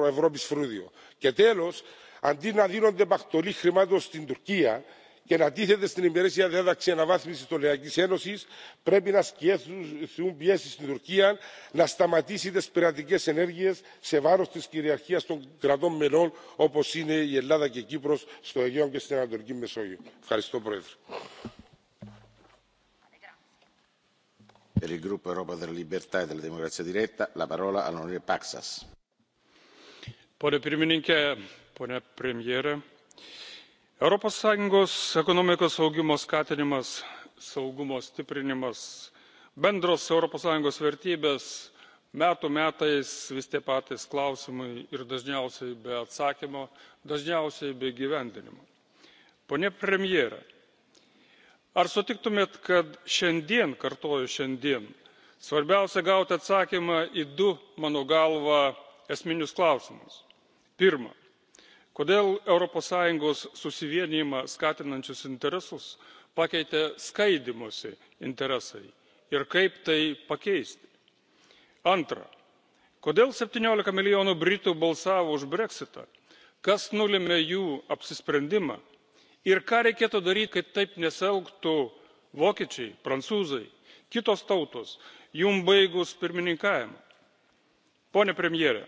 ευρώπης φρούριο. και τέλος αντί να δίνονται πακτολοί χρημάτων στην τουρκία και να τίθεται στην ημερήσια διάταξη αναβάθμιση τη τολερακής ένωσης πρέπει να ασκηθούν πιέσεις στην τουρκία να σταματήσει τις πειρατικές ενέργειες σε βάρος της κυριαρχίας των κρατών μελών όπως είναι η ελλάδα και η κύπρος στο αιγαίο και στην ανατολική μεσόγειο. ευχαριστώ πρόεδρε. per il Europa della Libertà e della Democrazia Diretta, la parola Paksas. Pone pirmininkė, pone premjerė, Europos Sąjungos ekonomikos augimo skatinimas, saugumo stiprinimas, bendros Europos Sąjungos vertybės metų metais vis tie patys klausimai ir dažniausiai be atsakymo dažniausiai be įgyvendinimo. pone premjere ar sutiktumėt, kad šiandien kartoju šiandien svarbiausia gauti atsakymą į du mano galva esminius klausimus pirma kodėl europos sąjungos susivienijimą skatinančius interesus pakeitė skaidymosi interesai ir kaip tai pakeisti? antra kodėl septyniolika milijonų britų balsavo už breksitą kas nulėmė jų apsisprendimą ir ką reikėtų daryti kad taip nesielgtų vokiečiai prancūzai kitos tautos jums baigus pirmininkavimą. pone premjere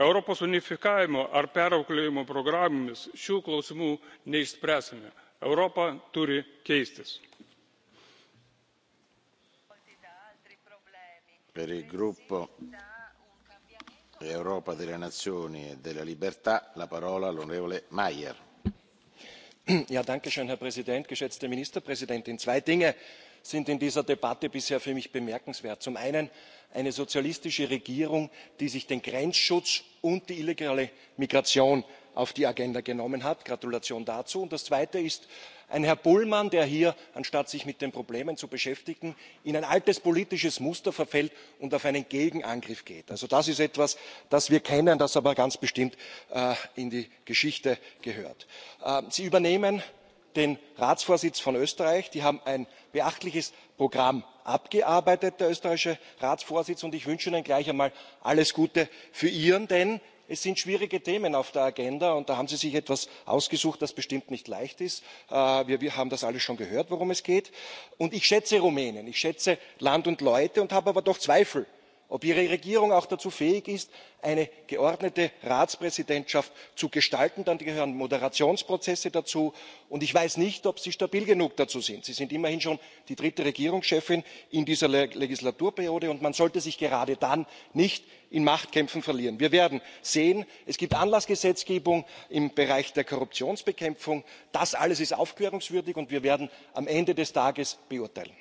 europos unifikavimo ar perauklėjimo programomis šių klausimų neišspręsime europa turi keistis. per il gruppo europa delle nazioni e della libertà la parola all'onorevole herr präsident geschätzte ministerpräsidentin! zwei dinge sind in dieser debatte bisher für mich bemerkenswert zum einen eine sozialistische regierung die sich den grenzschutz und die illegale migration auf die agenda genommen hat gratulation dazu und das zweite ist ein herr bullmann der hier anstatt sich mit den problemen zu beschäftigen in ein altes politisches muster verfällt und auf einen gegenangriff geht. also das ist etwas das wir kennen das aber ganz bestimmt äh, in die geschichte gehört. Äh, sie übernehmen den ratsvorsitz von österreich sie haben ein beachtliches programm abgearbeitet der österreichische ratsvorsitz und ich wünsche ihnen gleich einmal alles gute für ihren denn es sind schwierige themen auf der agenda und da haben sie sich etwas ausgesucht das bestimmt nicht leicht ist. Äh, wir haben das alles schon gehört worum es geht und ich schätze rumänien ich schätze land und leute und habe aber doch zweifel ob ihre regierung auch dazu fähig ist eine geordnete ratspräsidentschaft zu gestalten dann gehören moderationsprozesse dazu und ich weiß nicht ob sie stabil genug dazu sind. sie sind immerhin schon die dritte regierungschefin in dieser legislaturperiode und man sollte sich gerade dann nicht in machtkämpfen verlieren. wir werden sehen es gibt anlassgesetzgebung im bereich der korruptionsbekämpfung das alles ist aufklärungswürdig und wir werden am ende des tages beurteilen.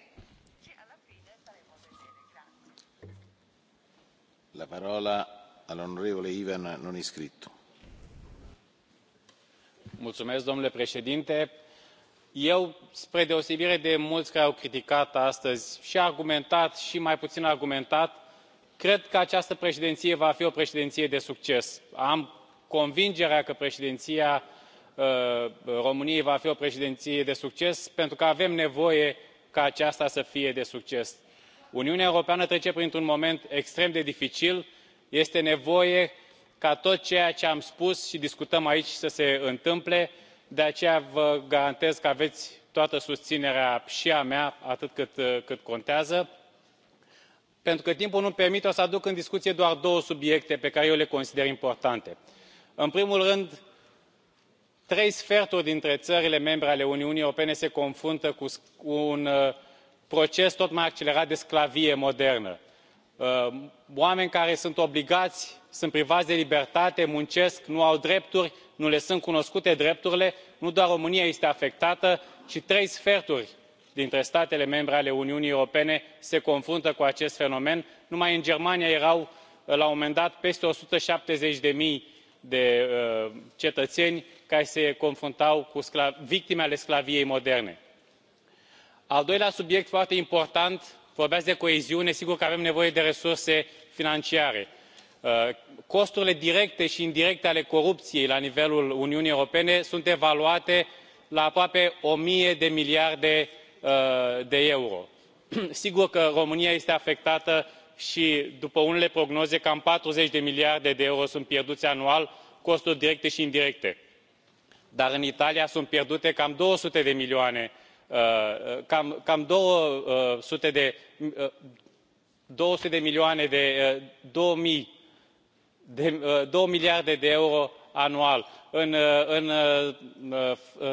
La parola Ivan non domnule președinte eu spre deosebire de mulți care au criticat astăzi și argumentat și mai puțin argumentat cred că această președinție va fi o președinție de succes. am convingerea că președinția uh, româniei va fi o președinție de succes pentru că avem nevoie ca aceasta să fie de succes uniunea europeană trece printr un moment extrem de dificil este nevoie ca tot ceea ce am spus și discutăm aici să se întâmple de aceea vă garantez că aveți toată susținerea și a mea atât cât contează pentru că timpul nu mi permite o să aduc în discuție doar două subiecte pe care eu le consider importante în primul rând trei sferturi dintre țările membre ale uniunii europene se confruntă cu un uh, proces tot mai accelerat de sclavie modernă ehm, oameni care sunt obligați sunt privați de libertate muncesc nu au drepturi nu le sunt cunoscute drepturile nu doar românia este afectată ci trei sferturi dintre statele membre ale uniunii europene se confruntă cu acest fenomen numai în germania erau la un moment dat peste o sută șaptezeci de ehm, cetățeni care se confruntau cu victime ale sclaviei moderne al doilea subiect foarte important vorbeați de coeziune sigur că avem nevoie de resurse financiare. Uh, costurile directe și indirecte ale corupției la nivelul uniunii europene sunt evaluate la aproape o mie de miliarde uh, de euro. sigur că românia este afectată și după unele prognoze cam patruzeci de miliarde de euro sunt pierduți anual costuri directe și indirecte dar în italia sunt pierdute cam două sute de milioane Uh, cam uh, uh, două sute de milioane două miliarde de euro anual în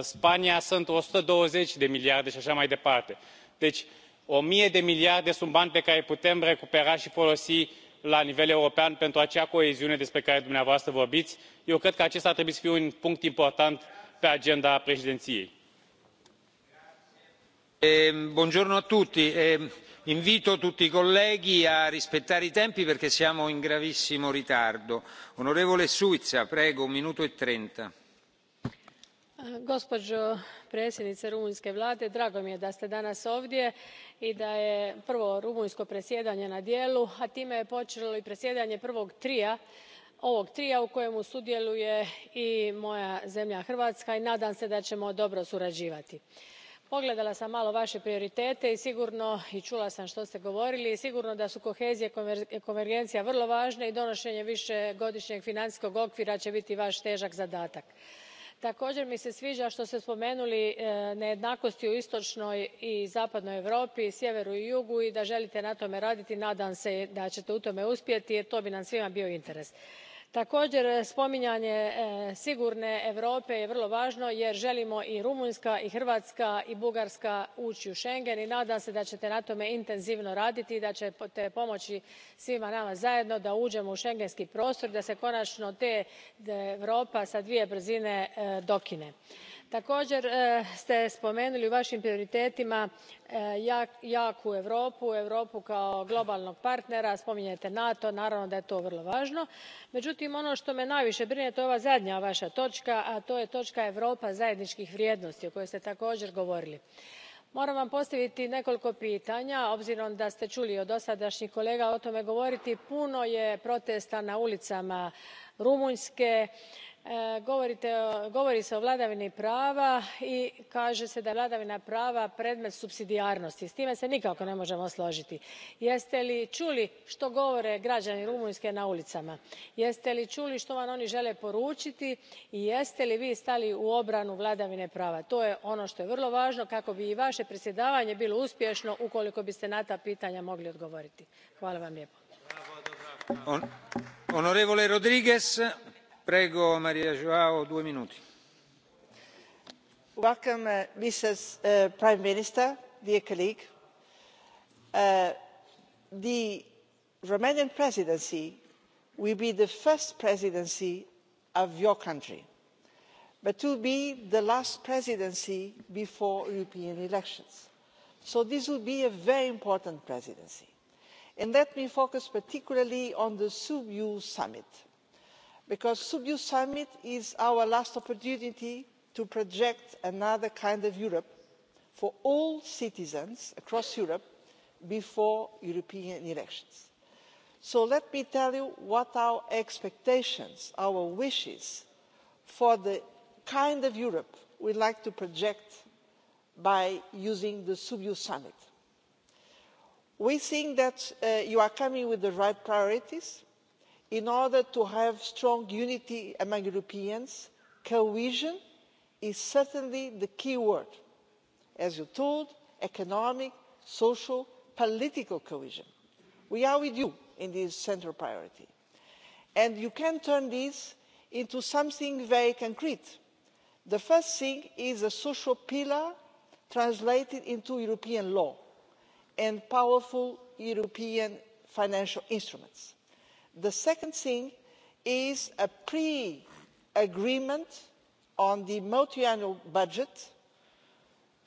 spania sunt o sută douăzeci de miliarde și așa mai departe deci o mie de miliarde sunt bani pe care îi putem recupera și folosi la nivel european pentru acea coeziune despre care dumneavoastră vorbiți. eu cred că acesta ar trebui să fie un punct important pe agenda președinției. Ehm, buongiorno a tutti ehm, invito tutti i colleghi a rispettare i tempi perché siamo in gravissimo ritardo. onorevole prego minuto e eh, predsjednice rumunjske vlade drago mi je da ste danas ovdje i da je prvo rumunjsko predsjedanje na djelu a time je počelo i predsjedanje prvog trija ovog trija u kojemu sudjeluje i moja zemlja hrvatska i nadam se da ćemo dobro surađivati pogledala sam malo vaše prioritete i sigurno, i ula sam što ste govorili i sigurno da su kohezija i konvergencija vrlo vane i donoenje viegodinjeg financijskog okvira će biti vaš težak zadatak. Također mi se svia što ste spomenuli e, nejednakosti u istočnoj i zapadnoj europi sjeveru i jugu i da želite na tome raditi. nadam se da ćete u tome uspjeti jer to bi nam svima bio interes. Također, e, spominjanje e, sigurne europe je vrlo vano jer elimo i rumunjska i hrvatska i bugarska ui u schengen i nadam se da ćete na tome intenzivno raditi i da ete pomoi svima nama zajedno da uđemo u schengenski prostor da se konačno te europa sa dvije brzine e, dokine također e, ste spomenuli u vašim prioritetima e, jaku europu europu kao globalnog partnera spominjete nato naravno da je to vrlo važno međutim ono što me najviše brine to je ova zadnja vaša točka a to je točka europa zajedničkih vrijednosti o kojoj ste također govorili. moram vam postaviti nekoliko pitanja obzirom da ste čuli od dosadašnjih kolega o tome govoriti. puno je protesta na ulicama rumunjske E, govori se o vladavini prava i kaže se da je vladavina prava predmet supsidijarnosti. s time se nikako ne možemo složiti. jeste li čuli što govore građani rumunjske na ulicama? jeste li čuli što vam oni žele poručiti i jeste li vi stali u obranu vladavine prava? to je ono što je vrlo važno kako bi i vaše predsjedavanje bilo uspješno ukoliko biste na ta pitanja mogli odgovoriti. hvala vam lijepo. Maria Joao, Welcome, uh, uh, Prime Minister, dear colleague. Uh, the Romanian presidency will be the first presidency of your country, but will be the last presidency before European elections. So this will be a very important presidency. And let me focus particularly on the Subiu summit because the sibiu summit is our last opportunity to project another kind of europe for all citizens across europe before european elections. so let me tell you what our expectations our wishes for the kind of europe we like to project by using the sibiu summit. we think that uh, you are coming with the right priorities in order to have strong unity among europeans cohesion is certainly the key word as you told economic social political cohesion. we are with you in this central priority and you can turn this into something very concrete. the first thing is a social pillar translated into european law and powerful european financial instruments the second thing is a pre agreement on the multiannual budget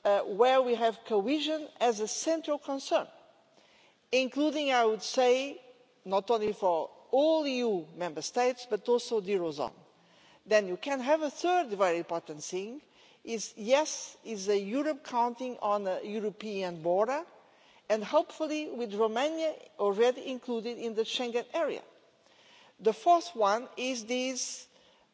uh, where we have cohesion as a central concern including i would say not only for all eu member states but also the eurozone. then you can have a third very important thing yes is europe counting on a european border and hopefully with romania already included in the schengen area the fourth one is this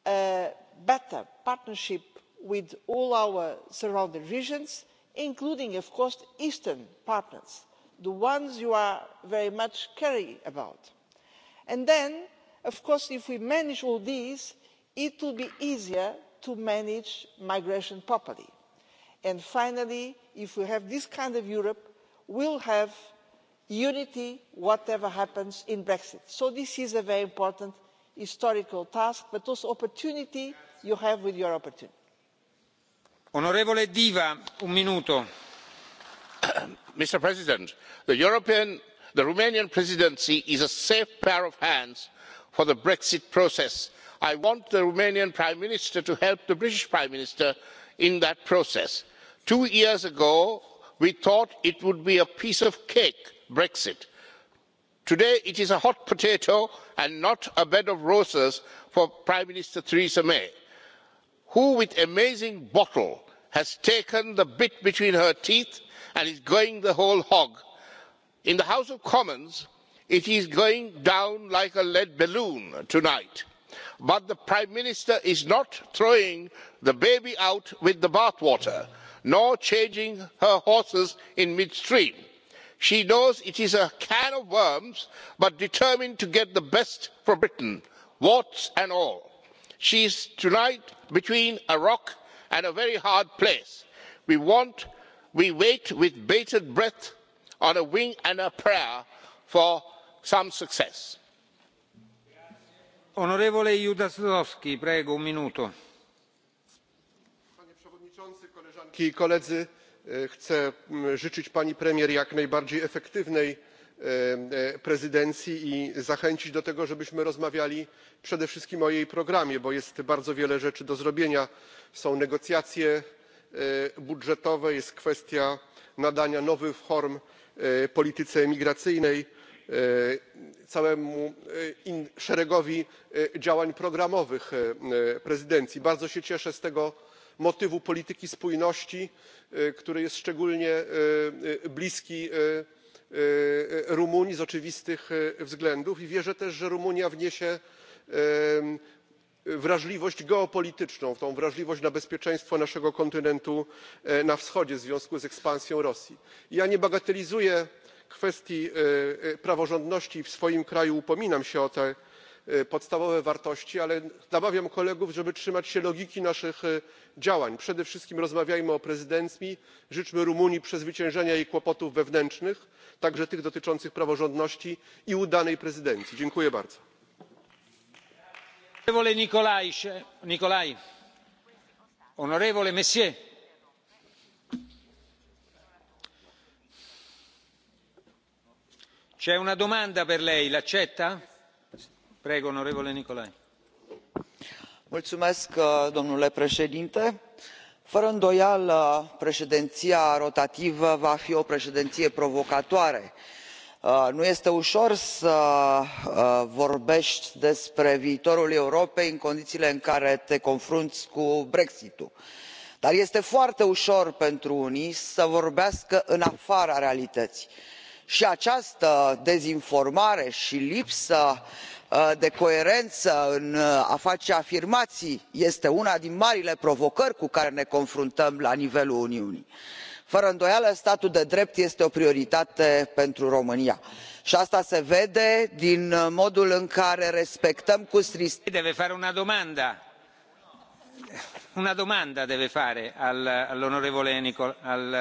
uh, better partnership with all our surrounding regions including of course the eastern partners the ones you are very much caring about. and then of course if we manage all these it will be easier to manage migration properly. and finally if we have this kind of europe we will have unity whatever happens in brexit. so this is a very important historical task but also an opportunity you have with your opportunity. mr president the romanian presidency is a safe pair of hands for the brexit process. i want the romanian prime minister to help the british prime minister in that process. two years ago we thought it would be a piece of cake brexit. today it is a hot potato and not a bed of roses for prime minister theresa may who with amazing bottle has taken the bit between her teeth and is going the whole hog. in the house of commons it is going down like a lead balloon tonight but the prime minister is not throwing the baby out with the bathwater nor changing her horses in midstream she knows it is a can of worms but determined to get the best for britain warts and all. she is tonight between a rock and a very hard place. we we wait with bated breath on a wing and a prayer for some success. panie przewodniczący koleżanki chcę mm, życzyć pani premier jak najbardziej efektywnej e, e, prezydencji i zachęcić do tego żebyśmy rozmawiali przede wszystkim o jej programie bo jest bardzo wiele rzeczy do zrobienia są negocjacje e, budżetowe jest kwestia nadania nowych form polityce emigracyjnej całemu szeregowi działań programowych prezydencji. bardzo się cieszę z tego motywu polityki spójności e, który jest szczególnie e, e, bliski rumunii z oczywistych względów i wierzę też że rumunia wniesie wrażliwość geopolityczną tę wrażliwość na bezpieczeństwo naszego kontynentu na wschodzie w związku z ekspansją rosji. ja nie bagatelizuję kwestii praworządności w swoim kraju upominam się o E, podstawowe wartości ale namawiam kolegów żeby trzymać się logiki naszych e, działań. przede wszystkim rozmawiajmy o prezydencji życzmy rumunii przezwyciężenia jej kłopotów wewnętrznych także tych dotyczących praworządności i udanej prezydencji. dziękuję bardzo. c'è una domanda per lei l'accetta? domnule președinte fără îndoială președinția rotativă va fi o președinție provocatoare. Uh, nu este ușor să uh, vorbești despre viitorul europei în condițiile în care te confrunți cu brexit ul dar este foarte ușor pentru unii să vorbească în afara realității și această dezinformare și lipsă de coerență în a face afirmații este una din marile provocări cu care ne confruntăm la nivelul uniunii. fără îndoială statul de drept este o prioritate pentru românia și asta se vede din modul în care respectăm cu deve fare una domanda una domanda deve fare all'onorevole al,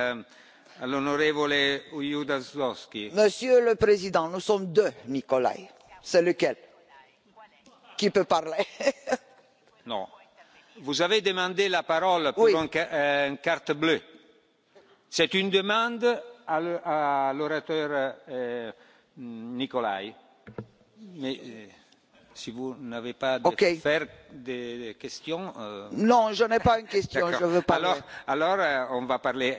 all'onorevole Iudaslovski. Monsieur le Président, nous sommes deux, Nicolai. C'est lequel? qui peut parler. non. Vous avez demandé la parole pour euh, une carte bleue. C'est une demande à l'orateur euh, euh, Nicolai. Mais si vous n'avez pas de faire Non, je n'ai pas une question, je veux parler. on va parler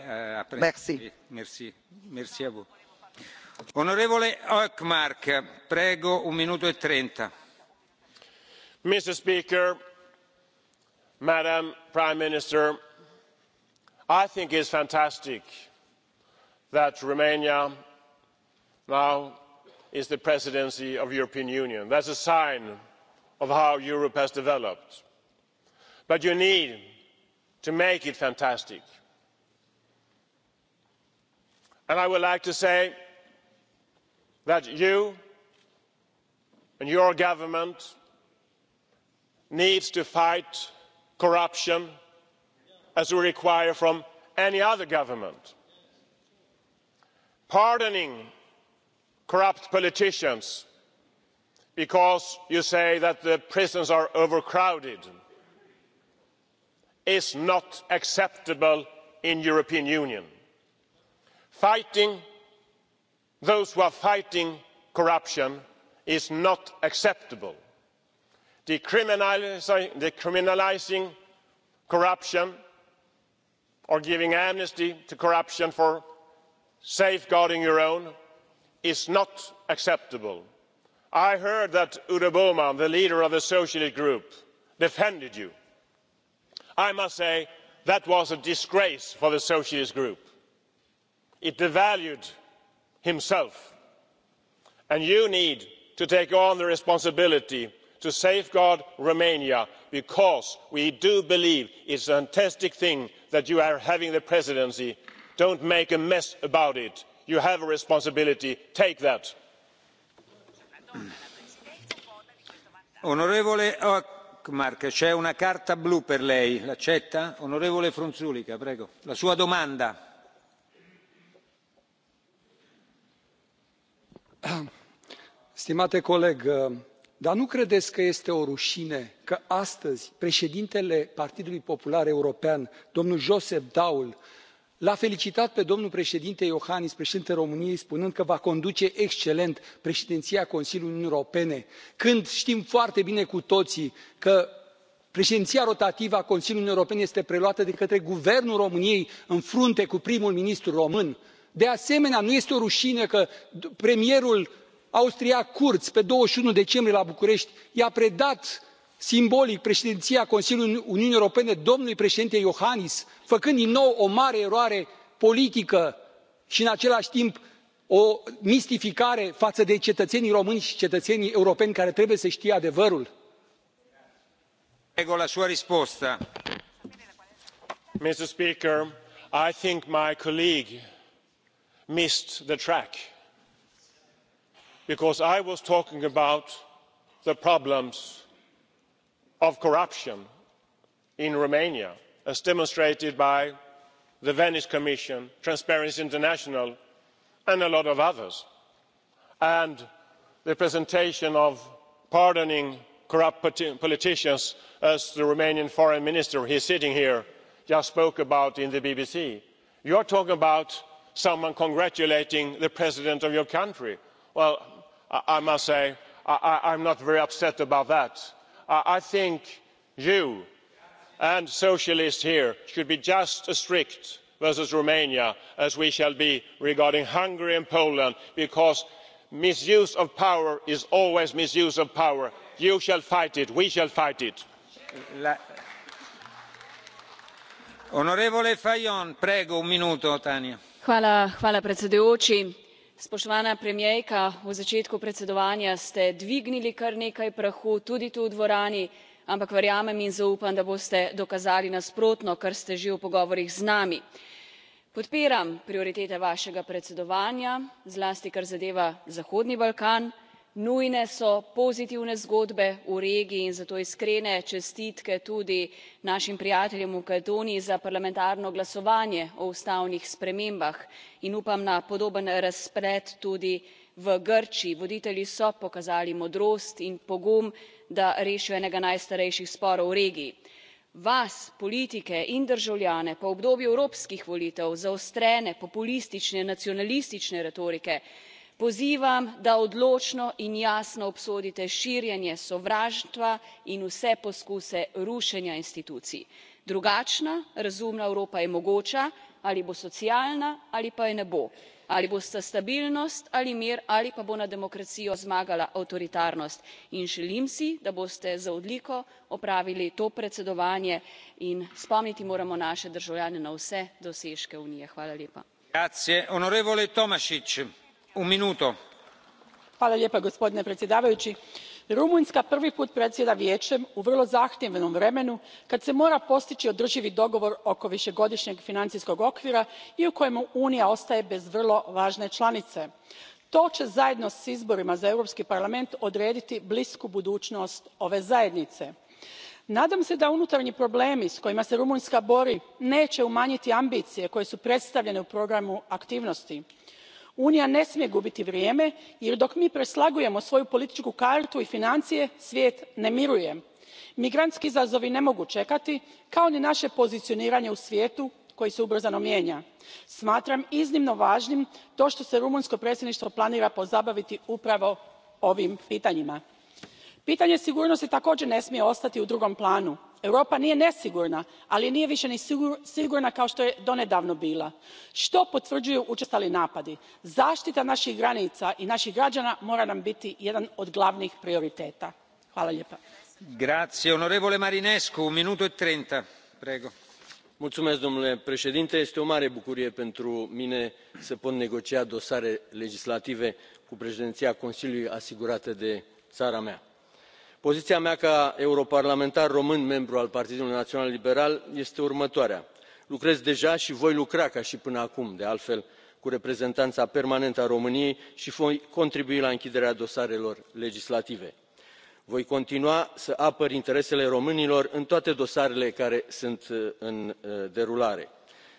Merci. Merci. à Onorevole prego un minuto e trenta mr president madam prime minister i think it is fantastic that romania now is the presidency of the european union. that's a sign of how europe has developed but you need to make it fantastic. and i would like to say that you and your government needs to fight corruption as we require from any other government. pardoning corrupt politicians because you say that the prisons are overcrowded is not acceptable in the european union. fighting those who are fighting corruption is not acceptable decriminalising corruption or giving amnesty to corruption for safeguarding your own is not acceptable. i heard that udo bullmann the leader of the socialist group defended you. i must say that was a disgrace for the socialist group. it devalued himself and you need to take on the responsibility to safeguard romania because we do believe it is a fantastic thing that you are having the presidency. don't make a mess about it. you have a responsibility take that. onorevole hkmark c'è una carta blu per lei l'accetta? onorevole frunzulic prego la sua domanda. stimate coleg dar nu credeți că este o rușine că astăzi președintele partidului popular european domnul joseph daul l a felicitat pe domnul președinte iohannis președintele româniei spunând că va conduce excelent președinția consiliului uniunii europene când știm foarte bine cu toții că președinția rotativă a consiliului uniunii europene este preluată de către guvernul româniei în frunte cu primul ministru român? de asemenea nu este o rușine că premierul Austria kurz pe douăzeci și unu decembrie la bucurești i a predat simbolic președinția consiliului uniunii europene domnului președinte iohannis făcând din nou o mare eroare politică și în același timp o mistificare față de cetățenii români și cetățenii europeni care trebuie să știe adevărul? mr i think my colleague missed the track because i was talking about the problems of corruption in romania as demonstrated by the venice commission transparency international and a lot of others and the presentation of pardoning corrupt politicians as the romanian foreign minister who is sitting here just spoke about in the bbc. you are talking about someone congratulating the president of your country. well i must say i am not very upset about that. i think you and socialists here should be just as strict versus romania as we shall be regarding hungary and poland because misuse of power is always misuse of power. you shall fight it we shall fight it spoštovana premierka v začetku predsedovanja ste dvignili kar nekaj prahu tudi tu v dvorani ampak verjamem in zaupam da boste dokazali nasprotno kar ste že v pogovorih z nami. podpiram prioritete vašega predsedovanja zlasti kar zadeva zahodni balkan nujne so pozitivne zgodbe v regiji in zato iskrene čestitke tudi našim prijateljem v makedoniji za parlamentarno glasovanje o ustavnih spremembah in upam na podoben razplet tudi v grčiji. voditelji so pokazali modrost in pogum da rešijo enega najstarejših sporov v regiji. vas politike in državljane po pa v obdobju evropskih volitev zaostrene populistične nacionalistične retorike pozivam da odločno in jasno obsodite širjenje sovraštva in vse poskuse rušenja institucij. drugačna razumna evropa je mogoča ali bo socialna ali pa je ne bo ali bosta stabilnost ali mir ali pa bo nad demokracijo zmagala avtoritarnost in želim si da boste za odliko opravili to predsedovanje in spomniti moramo naše državljane na vse dosežke unije gospodine predsjedavajući rumunjska prvi put predsjeda vijećem u vrlo zahtjevnom vremenu kad se mora postići održivi dogovor oko višegodišnjeg financijskog okvira i u kojemu unija ostaje bez vrlo važne članice. to će zajedno s izborima za europski parlament odrediti blisku budućnost ove zajednice. nadam se da unutarnji problemi s kojima se rumunjska bori neće umanjiti ambicije koje su predstavljene u programu aktivnosti unija ne smije gubiti vrijeme jer dok mi preslagujemo svoju političku kartu i financije svijet ne miruje. migrantski izazovi ne mogu čekati kao ni naše pozicioniranje u svijetu koji se ubrzano mijenja. smatram iznimno važnim to što se rumunjsko predsjedništvo planira pozabaviti upravo ovim pitanjima. pitanje sigurnosti također ne smije ostati u drugom planu europa nije nesigurna ali nije više ni sigurna kao što je donedavno bila što potvrđuju učestali napadi. zaštita naših granica i naših građana mora nam biti jedan od glavnih prioriteta. E domnule președinte este o mare bucurie pentru mine să pot negocia dosare legislative cu președinția consiliului asigurată de țara mea poziția mea ca europarlamentar român membru al partidului național liberal este următoarea lucrez deja și voi lucra ca și până acum de altfel cu reprezentanța permanentă a româniei și voi contribui la închiderea dosarelor legislative. voi continua să apăr interesele românilor în toate dosarele care sunt uh, în uh, derulare.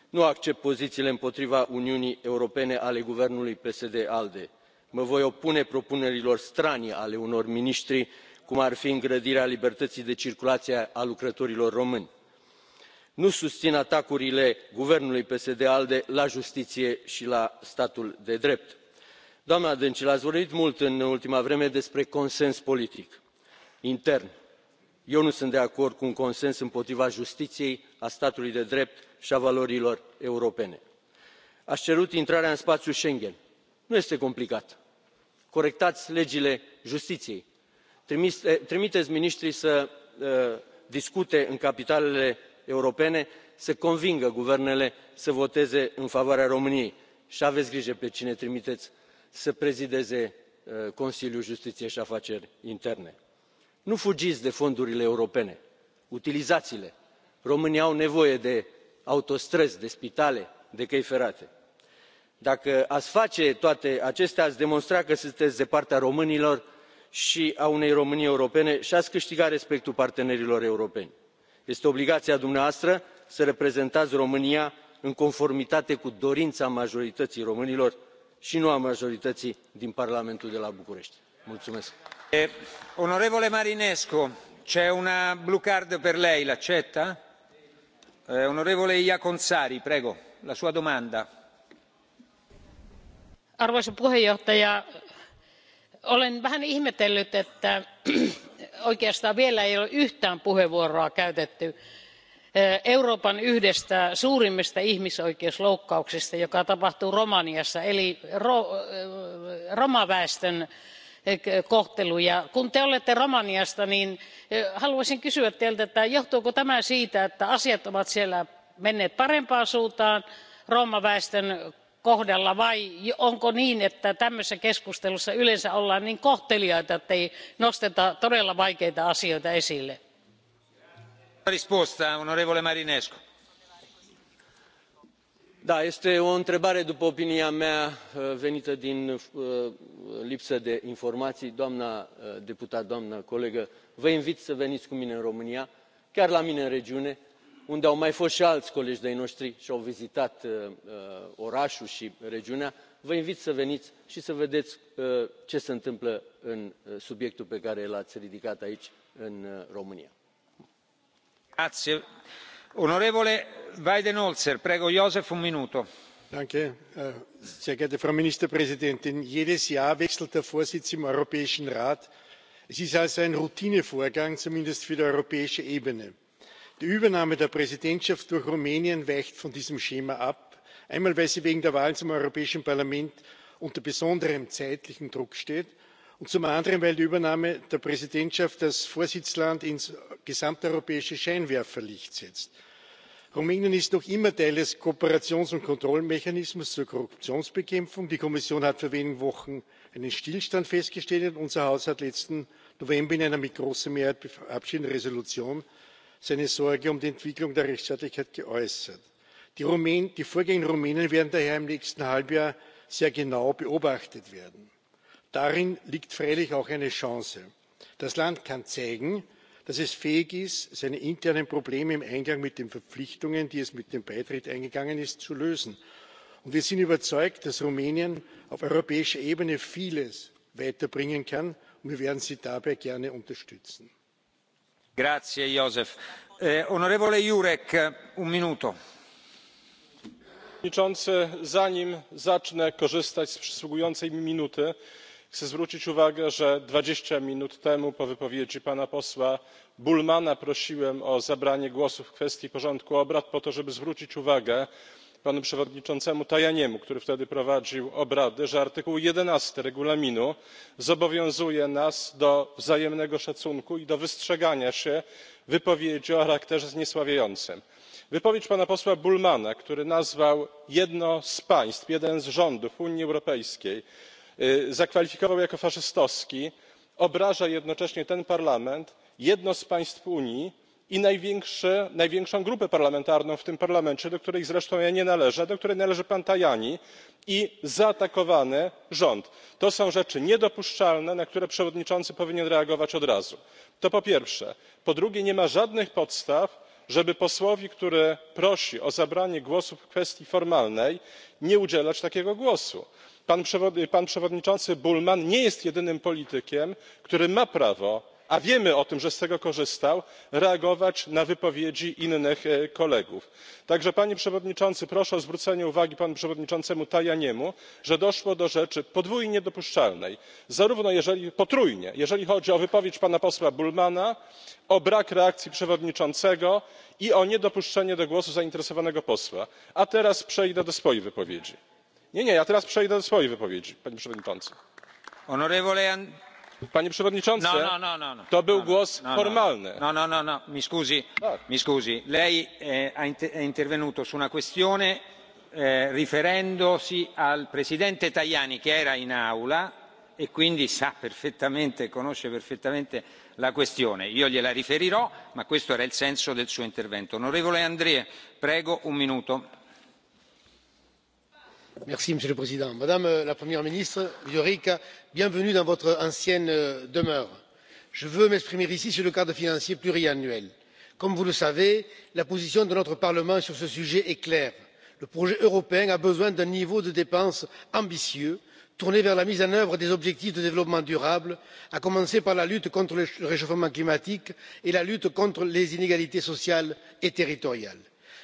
nu accept pozițiile împotriva uniunii europene ale guvernului psd alde mă voi opune propunerilor stranii ale unor miniștri cum ar fi îngrădirea libertății de circulație a lucrătorilor români. nu susțin atacurile guvernului psd alde la justiție și la statul de drept. doamnă dăncilă ați vorbit mult în ultima vreme despre consens politic intern. eu nu sunt de acord cu un consens împotriva justiției a statului de drept și a valorilor europene. ați cerut intrarea în spațiul schengen nu este complicat corectați legile justiției Eh, trimiteți miniștrii să eh, discute în capitalele europene să convingă guvernele să voteze în favoarea româniei și aveți grijă pe cine trimiteți să prezideze eh, consiliul justiție și afaceri interne. nu fugiți de fondurile europene utilizați le. românii au nevoie de autostrăzi de spitale de căi ferate. dacă ați face toate acestea ați demonstra că sunteți de partea românilor și a unei românii europene și ați câștigat respectul partenerilor europeni. este obligația dumneavoastră să reprezentați românia în conformitate cu dorința majorității românilor și nu a majorității din parlamentul de la bucurești. mulțumesc. E, onorevole marinescu c'è una blue card per lei l'accetta? Eh, onorevole jaakonsaari prego la sua domanda. arvoisa olen vähän ihmetellyt että oikeastaan vielä ei ole yhtään puheenvuoroa käytetty euroopan yhdestä suurimmista ihmisoikeusloukkauksista joka tapahtuu romaniassa eli romaväestön kohtelusta. kun te olette romaniasta niin haluaisin kysyä teiltä että johtuuko tämä siitä että asiat ovat siellä menneet parempaan suuntaan romaväestön kohdalla vai onko niin että tämmöisessä keskustelussa yleensä ollaan niin kohteliaita ettei nosteta todella vaikeita asioita esille? da este o întrebare după opinia mea uh, venită din uh, lipsă de informații. doamnă uh, deputat doamnă colegă vă invit să veniți cu mine în românia chiar la mine în regiune unde au mai fost și alți colegi de ai noștri și au vizitat uh, uh, orașul și regiunea vă invit să veniți și să vedeți uh, ce se întâmplă în subiectul pe care l ați ridicat aici în românia. Onorevole prego, Josef, un minuto. Äh, sehr geehrte frau ministerpräsidentin! jedes jahr wechselt der vorsitz im europäischen rat. es ist also ein routinevorgang zumindest für die europäische ebene die übernahme der präsidentschaft durch rumänien weicht von diesem schema ab einmal weil sie wegen der Wahlen zum europäischen parlament unter besonderem zeitlichen druck steht und zum anderen weil die übernahme der präsidentschaft das vorsitzland ins gesamteuropäische scheinwerferlicht setzt. rumänien ist noch immer teil des kooperations und kontrollmechanismus zur korruptionsbekämpfung. die kommission hat vor wenigen wochen einen stillstand festgestellt und unser haus hat letzten november in einer mit großer mehrheit verabschiedeten entschließung seine sorge um die entwicklung der rechtsstaatlichkeit geäußert. die vorgänge in rumänien werden daher im nächsten halbjahr sehr genau beobachtet werden. darin liegt freilich auch eine chance. das land kann zeigen dass es fähig ist seine internen probleme im einklang mit den verpflichtungen die es mit dem beitritt eingegangen ist zu lösen. und wir sind überzeugt dass rumänien auf europäischer ebene vieles weiterbringen kann und wir werden sie dabei gerne unterstützen. Panie eh, Przewodniczący, zanim zacznę korzystać z przysługującej mi minuty, chcę zwrócić uwagę że dwadzieścia minut temu po wypowiedzi pana posła bullmanna prosiłem o zabranie głosu w kwestii porządku obrad po to żeby zwrócić uwagę panu przewodniczącemu tajaniemu który wtedy prowadził obrady że artykuł jedenaście regulaminu zobowiązuje nas do wzajemnego szacunku i do wystrzegania się wypowiedzi o charakterze zniesławiającym. wypowiedź pana posła bullmanna który nazwał jedno z państw jeden z rządów unii europejskiej zakwalifikował jako faszystowski, obraża jednocześnie ten parlament jedno z państw unii i największą grupę parlamentarną w tym parlamencie do której zresztą ja nie należę do której należy pan tajani i zaatakowany rząd. to są rzeczy niedopuszczalne na które przewodniczący powinien reagować od razu to po pierwsze. po drugie nie ma żadnych podstaw żeby posłowi który prosi o zabranie głosu w kwestii formalnej nie udzielać takiego głosu. pan przewodniczący bullmann nie jest jedynym politykiem który ma prawo a wiemy o tym że z tego korzystał reagować na wypowiedzi innych e, kolegów. także panie przewodniczący proszę o zwrócenie uwagi panu przewodniczącemu tajaniemu że doszło do rzeczy podwójnie dopuszczalnej potrójnie jeżeli chodzi o wypowiedź pana posła bullmanna o brak reakcji przewodniczącego i o niedopuszczenie do głosu zainteresowanego posła. a teraz przejdę do swojej wypowiedzi. nie nie ja teraz przejdę do swojej wypowiedzi panie przewodniczący panie przewodniczący to był głos formalny. mi scusi lei eh, ha intervenuto su una questione eh, riferendosi al presidente tajani che era in aula e quindi sa perfettamente conosce perfettamente la questione. io gliela riferirò ma questo era il senso del suo intervento. onorevole prego un minuto monsieur le président madame euh, la première ministre viorica bienvenue dans votre ancienne euh, demeure. je veux m'exprimer ici sur le cadre financier pluriannuel. comme vous le savez la position de notre parlement sur ce sujet est claire le projet européen a besoin d'un niveau de dépenses ambitieux tourné vers la mise en œuvre des objectifs de développement durable à commencer par la lutte contre le réchauffement climatique et la lutte contre les inégalités sociales et territoriales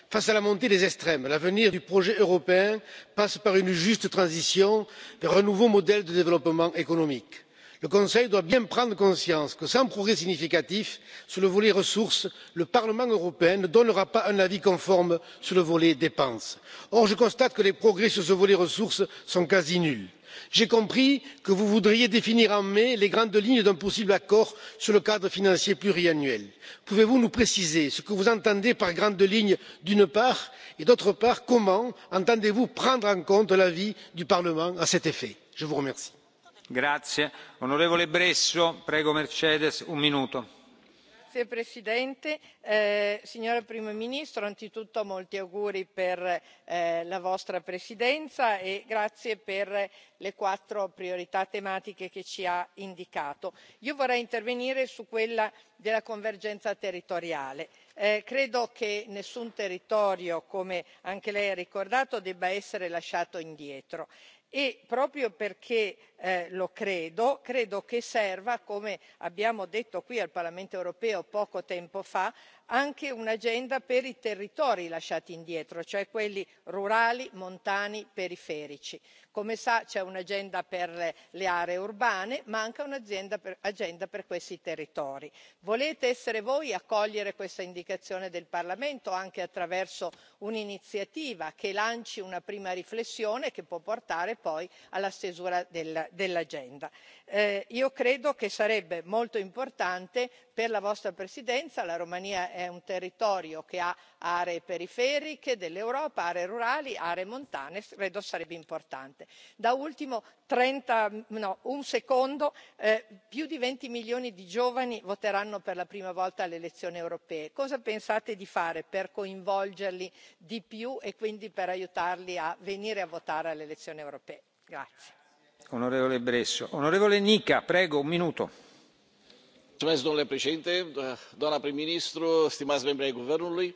face à la montée des extrêmes l'avenir du projet européen passe par une juste transition vers un nouveau modèle de développement économique. le conseil doit bien prendre conscience que sans progrès significatifs sur le volet ressources le parlement européen ne donnera pas un avis conforme sur le volet dépenses. or je constate que les progrès sur ce volet ressources sont quasi nuls j'ai compris que vous voudriez définir en mai les grandes lignes d'un possible accord sur le cadre financier pluriannuel. pouvez vous nous préciser ce que vous entendez par grandes lignes d'une part et d'autre part comment entendez vous prendre en compte l'avis du parlement à cet effet? je vous remercie signor presidente eh, signora primo ministro anzitutto molti auguri per eh, la vostra presidenza e grazie per le quattro priorità tematiche che ci ha indicato. io vorrei intervenire su quella della convergenza territoriale. Eh, credo che nessun territorio come anche lei ha ricordato debba essere lasciato indietro e proprio perché eh, lo credo credo che serva come abbiamo detto qui al parlamento europeo poco tempo fa anche un'agenda per i territori lasciati indietro cioè quelli rurali montani periferici. come sa c'è un'agenda per le aree urbane ma anche un'agenda per questi territori. volete essere voi a cogliere questa indicazione del parlamento anche attraverso un'iniziativa che lanci una prima riflessione che può portare poi alla stesura dell'agenda. Eh, io credo che sarebbe molto importante per la vostra presidenza la romania è un territorio che ha aree periferiche dell'europa aree rurali aree montane credo sarebbe importante. da ultimo un secondo, eh, più di venti milioni di giovani voteranno per la prima volta alle elezioni europee cosa pensate di fare per coinvolgerli di più e quindi per aiutarli a venire a votare alle elezioni europee? domnule președinte doamnă prim ministru stimați membri ai guvernului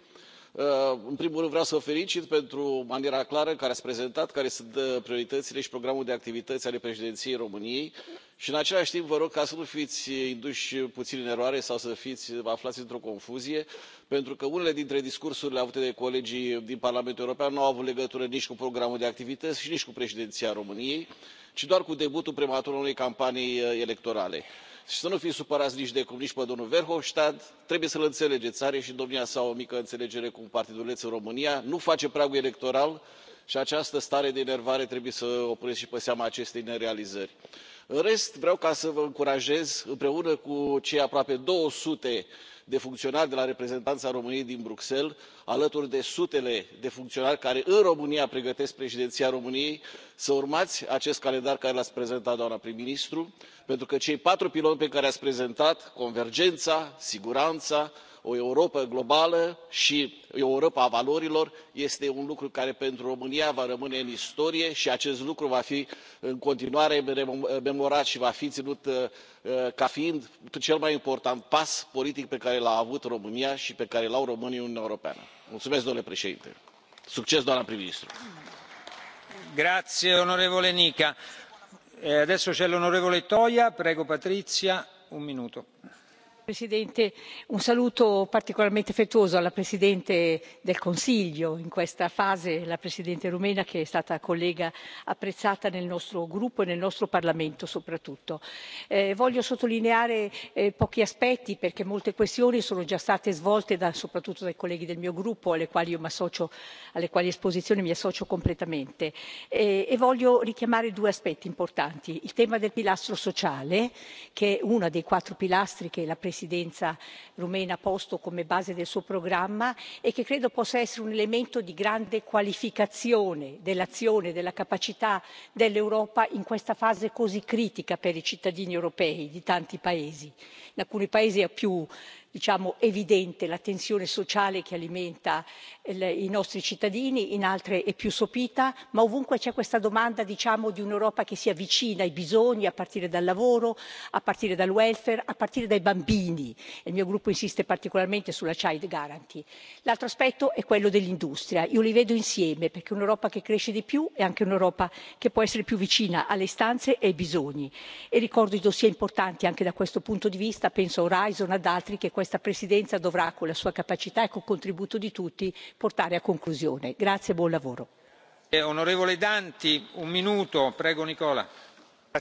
uh, în primul rând vreau să o felicit pentru maniera clară în care ați prezentat care sunt uh, prioritățile și programul de activități ale președinției româniei și în același timp vă rog ca să nu fiți induși puțin în eroare sau să vă aflați într o confuzie pentru că unele dintre discursurile avute de colegii din parlamentul european nu au avut legătură nici cu programul de activități și nici cu președinția româniei ci doar cu debutul prematur al unei campanii uh, electorale. și să nu fiți supărați nici cum nici pe domnul verhofstadt trebuie să l înțelegeți are și domnia sa o mică înțelegere cu un partiduleț în românia nu face pragul electoral și această stare de enervare trebuie să o puneți și pe seama acestei nerealizări în rest vreau să vă încurajez împreună cu cei aproape două sute de funcționari de la reprezentanța româniei din bruxelles alături de sutele de funcționari care în românia pregătesc președinția româniei să urmați acest calendar pe care l ați prezentat doamna prim ministru pentru că cei patru piloni pe care i ați prezentat convergența siguranța o europă globală și europa a valorilor este un lucru care pentru românia va rămâne în istorie și acest lucru va fi în continuare rememorat și va fi ținut uh, uh, ca fiind cel mai important pas politic pe care l a avut românia și pe care l au românii în uniunea europeană. mulțumesc domnule președinte. succes doamnă prim ministru! minuto. Signor presidente un saluto particolarmente affettuoso alla presidente del consiglio in questa fase la presidente rumena che è stata collega apprezzata nel nostro gruppo e nel nostro parlamento soprattutto. Eh, voglio sottolineare eh, pochi aspetti perché molte questioni sono già state svolte soprattutto dai colleghi del mio gruppo alle quali io alle quali esposizioni mi associo completamente e, e voglio richiamare due aspetti importanti il tema del pilastro sociale che è uno dei quattro pilastri che la presidenza rumena ha posto come base del suo programma e che credo possa essere un elemento di grande qualificazione dell'azione e della capacità dell'europa in questa fase così critica per i cittadini europei di tanti paesi in alcuni paesi più diciamo evidente la tensione sociale che alimenta i nostri cittadini in altre è più sopita ma ovunque c'è questa domanda diciamo di un'europa che sia vicina ai bisogni a partire dal lavoro a partire dal welfare a partire dai bambini e il mio gruppo insiste particolarmente sulla child guarantee. l'altro aspetto è quello dell'industria io li vedo insieme perché un'europa che cresce di più è anche un'europa che può essere più vicina alle istanze e ai bisogni e ricordo i dossier importanti anche da questo punto di vista penso a horizon ad altri che questa presidenza dovrà con la sua capacità e col contributo di tutti portare a conclusione. grazie buon lavoro. Eh,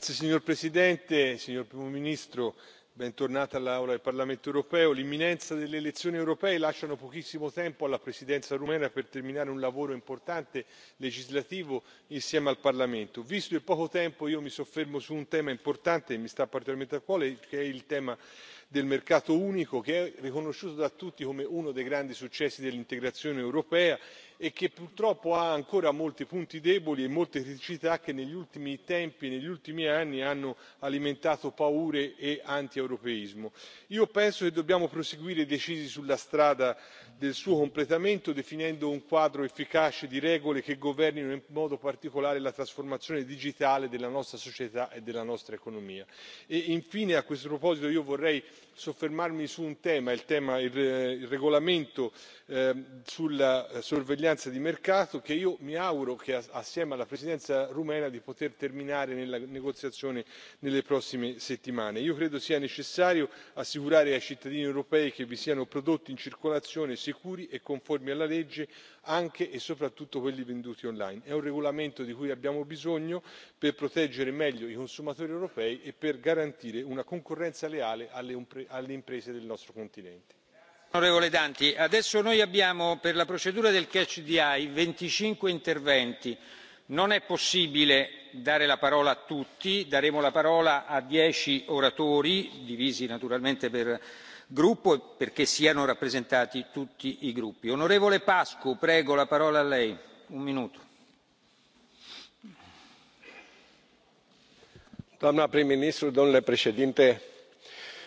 signor presidente signor primo ministro bentornata all'aula del parlamento europeo. l'imminenza delle elezioni europee lasciano pochissimo tempo alla presidenza rumena per terminare un lavoro importante legislativo insieme al parlamento. visto il poco tempo io mi soffermo su un tema importante che mi sta particolarmente a cuore che è il tema del mercato unico che è riconosciuto da tutti come uno dei grandi successi dell'integrazione europea e che purtroppo ha ancora molti punti deboli e molte criticità che negli ultimi tempi negli ultimi anni hanno alimentato paure e antieuropeismo. io penso che dobbiamo proseguire decisi sulla strada del suo completamento definendo un quadro efficace di regole che governino in modo particolare la trasformazione digitale della nostra società e della nostra economia. E infine a questo proposito io vorrei soffermarmi su un tema il regolamento ehm, sulla sorveglianza di mercato che io mi auguro assieme alla presidenza rumena di poter terminare nella negoziazione nelle prossime settimane. io credo sia necessario assicurare ai cittadini europei che vi siano prodotti in circolazione sicuri e conformi alla legge anche e soprattutto quelli venduti online. è un regolamento di cui abbiamo bisogno per proteggere meglio i consumatori europei e per garantire una concorrenza leale alle imprese del nostro continente. adesso noi abbiamo per la procedura del catch the eye venticinque interventi non è possibile dare la parola a tutti daremo la parola a dieci oratori divisi naturalmente per gruppo perché siano rappresentati tutti i gruppi. onorevole pacu prego la parola a lei un minuto. doamnă prim ministru domnule președinte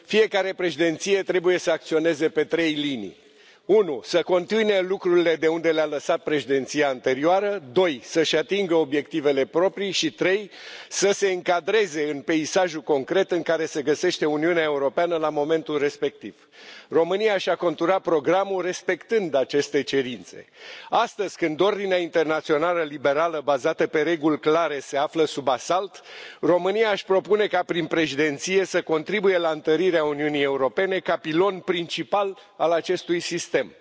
fiecare președinție trebuie să acționeze pe trei linii unu să continue lucrurile de unde le a lăsat președinția anterioară doi să și atingă obiectivele proprii și trei să se încadreze în peisajul concret în care se găsește uniunea europeană la momentul respectiv românia și a conturat programul respectând aceste cerințe. astăzi când ordinea internațională liberală bazată pe reguli clare se află sub asalt românia își propune ca prin președinție să contribuie la întărirea uniunii europene ca pilon principal al acestui sistem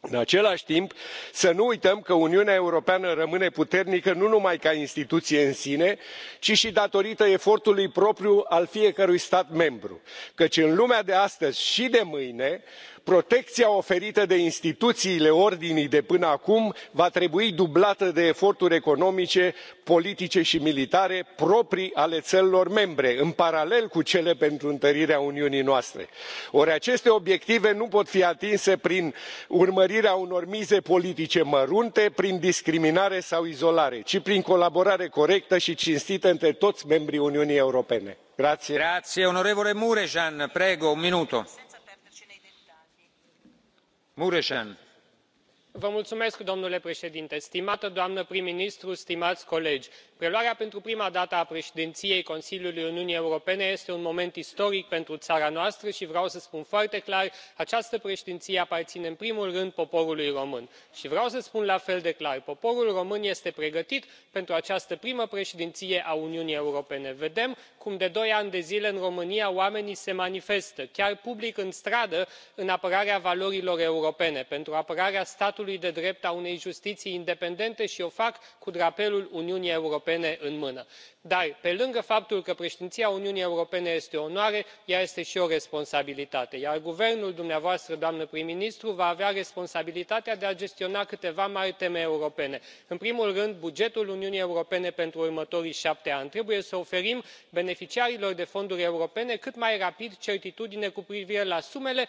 în același timp să nu uităm că uniunea europeană rămâne puternică nu numai ca instituție în sine ci și datorită efortului propriu al fiecărui stat membru căci în lumea de astăzi și de mâine protecția oferită de instituțiile ordinii de până acum va trebui dublată de eforturi economice politice și militare proprii ale țărilor membre în paralel cu cele pentru întărirea uniunii noastre ori aceste obiective nu pot fi atinse prin urmărirea unor mize politice mărunte prin discriminare sau izolare ci prin colaborare corectă și cinstită între toți membrii uniunii europene domnule președinte stimată doamnă prim ministru stimați colegi preluarea pentru prima dată a președinției consiliului uniunii europene este un moment istoric pentru țara noastră și vreau să spun foarte clar această președinție aparține în primul rând poporului român și vreau să spun la fel de clar poporul român este pregătit pentru această primă președinție a uniunii europene vedem cum de doi ani de zile în românia oamenii se manifestă chiar public în stradă în apărarea valorilor europene pentru apărarea statului de drept a unei justiții independente și o fac cu drapelul uniunii europene în mână. dar pe lângă faptul că președinția uniunii europene este o onoare ea este și o responsabilitate iar guvernul dumneavoastră doamnă prim ministru va avea responsabilitatea de a gestiona câteva mari teme europene în primul rând bugetul uniunii europene pentru următorii șapte ani. trebuie să oferim beneficiarilor de fonduri europene cât mai rapid certitudine cu privire la sumele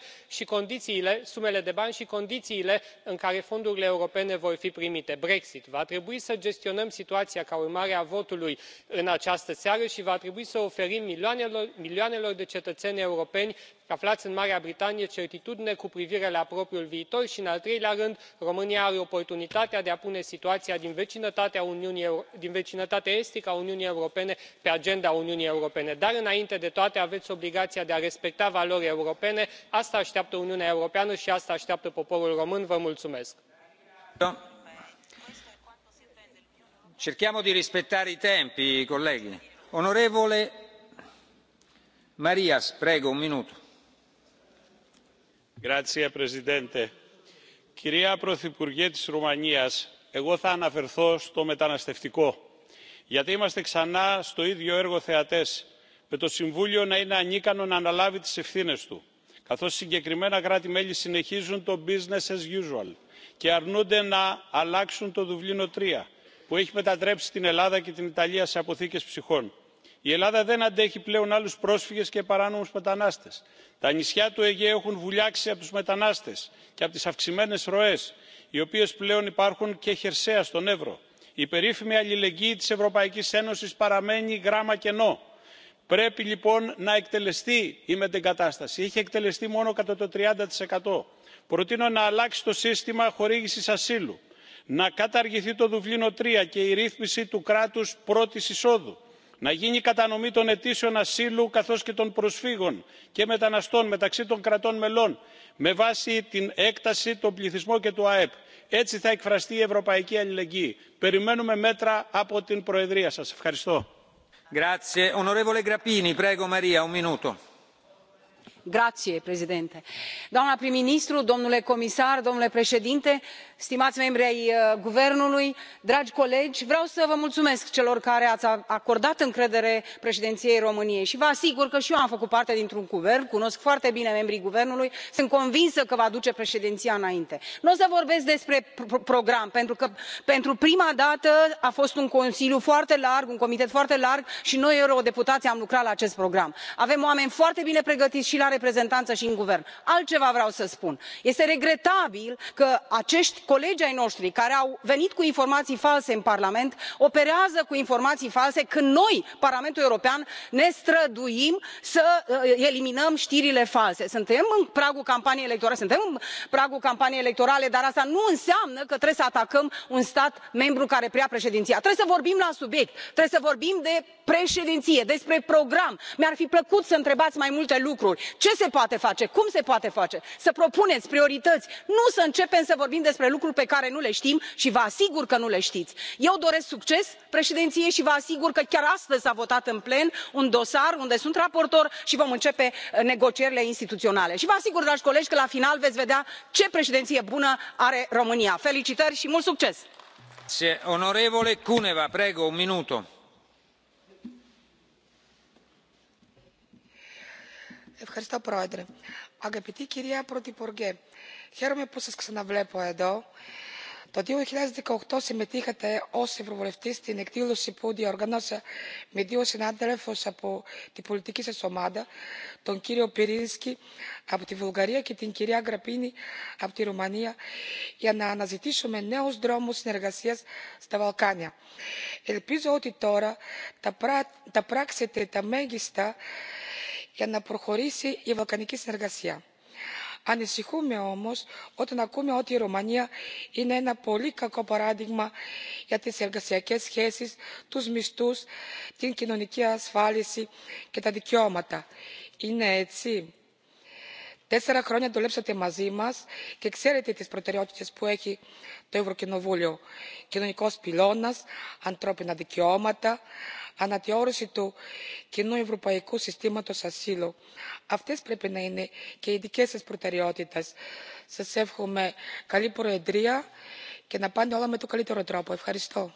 de bani și condițiile în care fondurile europene vor fi primite brexit va trebui să gestionăm situația ca urmare a votului în această seară și va trebui să oferim milioanelor de cetățeni europeni aflați în marea britanie certitudine cu privire la propriul viitor și în al treilea rând românia are oportunitatea de a pune situația din vecinătatea estică a uniunii europene pe agenda uniunii europene dar înainte de toate aveți obligația de a respecta valori europene asta așteaptă uniunea europeană și asta așteaptă poporul român. vă mulțumesc. cerchiamo di rispettare i tempi colleghi. onorevole marias prego un minuto gospodine predsjedniče kiria protheipurghe tis rumanjias ego tha ana fertho sto metanastevtiko jati sto idio ergo theates me to simvulio na ina anikano na analavi tis evthynes tou kathos sinkekrimena krati meli to business as usual ki arnounte na alaxoun to dublino iii pou echi metatrepsi tin elada ki tin italia se apothekes psihon η ελλάδα δεν αντέχει πλέον άλλους πρόσφυγες και παράνομους μετανάστες. τα νησιά του αιγαίου έχουν βουλιάξει από τους μετανάστες και από τις αυξημένες ροές οι οποίες πλέον υπάρχουν και χερσαία στον εύρο. η περίφημη αλληλεγγύη της ευρωπαϊκής ένωσης παραμένει γράμμα κενό. πρέπει λοιπόν να εκτελεστεί η μετεγκατάσταση. έχει εκτελεστεί μόνο κατά το. τριάντα προτείνω να αλλάξει το σύστημα χορήγησης ασύλου να καταργηθεί το δουβλίνο τρία και η ρύθμιση του κράτους πρώτης εισόδου να γίνει κατανομή των αιτήσεων ασύλου καθώς και των προσφύγων και μεταναστών μεταξύ των κρατών μελών με βάση την έκταση τον πληθυσμό και το αεπ. έτσι θα εκφραστεί η ευρωπαϊκή αλληλεγγύη. περιμένουμε μέτρα από την προεδρία σας. ευχαριστώ domnule președinte doamnă prim ministru domnule comisar domnule președinte stimați membri ai uh, guvernului dragi colegi vreau să vă mulțumesc celor care ați acordat încredere președinției româniei și vă asigur că și eu am făcut parte dintr un guvern cunosc foarte bine membrii guvernului sunt convinsă că va duce președinția înainte. nu o să vorbesc despre program pentru că pentru prima dată a fost un consiliu foarte larg un comitet foarte larg și noi eurodeputații am lucrat la acest program. avem oameni foarte bine pregătiți și reprezentanță și în guvern. altceva vreau să spun este regretabil că acești colegi ai noștri care au venit cu informații false în parlament operează cu informații false când noi parlamentul european ne străduim să uh, eliminăm știrile false. suntem în pragul campaniei electorale suntem în pragul campaniei electorale dar asta nu înseamnă că trebuie să atacăm un stat membru care preia președinția. trebuie să vorbim la subiect trebuie să vorbim de președinție despre program. mi ar fi plăcut să întrebați mai multe lucruri ce se poate face cum se poate face să propuneți priorități nu să începem să vorbim despre lucruri pe care nu le știm și vă asigur că nu le știți. eu doresc succes președinției și vă asigur că chiar astăzi s a votat în plen un dosar unde sunt raportor și vom începe eh, negocierile instituționale și vă asigur dragi colegi că la final veți vedea ce președinție bună are românia. felicitări și mult succes! ga pitikirja proti porge. Hram je poskak se na vlepo je do. dodi ihljazdi kao to organosa me tihata je osjebro se politiki se somada, tomkirje piinski, ai v vulgargarija, ki tikirja grapini ati Ruijaja ja na nazitišume neuzdromu s energigaz da valkanja. ali pizouti tora da teta megi για να προχωρήσει η βαλκανική συνεργασία. ανησυχούμε όμως όταν ακούμε ότι η ρωμανία είναι ένα πολύ κακό παράδειγμα για τις εργασιακές σχέσεις τους μισθούς την κοινωνική ασφάλιση και τα δικαιώματα. είναι έτσι; τέσσερα χρόνια δουλέψατε μαζί μας και ξέρετε τις προτεραιότητες που έχει το ευρωκοινοβούλιο κοινωνικός πυλώνας ανθρώπινα δικαιώματα αναθεώρηση του κοινού ευρωπαϊκού συστήματος ασύλου. Αυτές πρέπει να είναι και οι δικές σας προτεραιότητες. Σας εύχομαι καλή προεδρία και να πάνε όλα με τον καλύτερο τρόπο. Ευχαριστώ.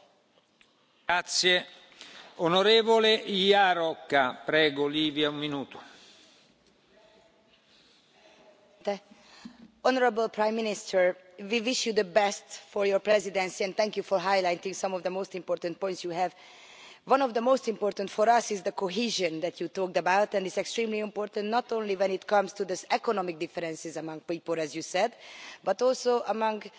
Onorevole Iarocca, prego Livia un minuto. Honourable Prime Minister, we wish you the best for your presidency and thank you for highlighting some of the most important points you have one of the most important for us is the cohesion that you talked about and it's extremely important not only when it comes to the economic differences among people as you said but also among uh,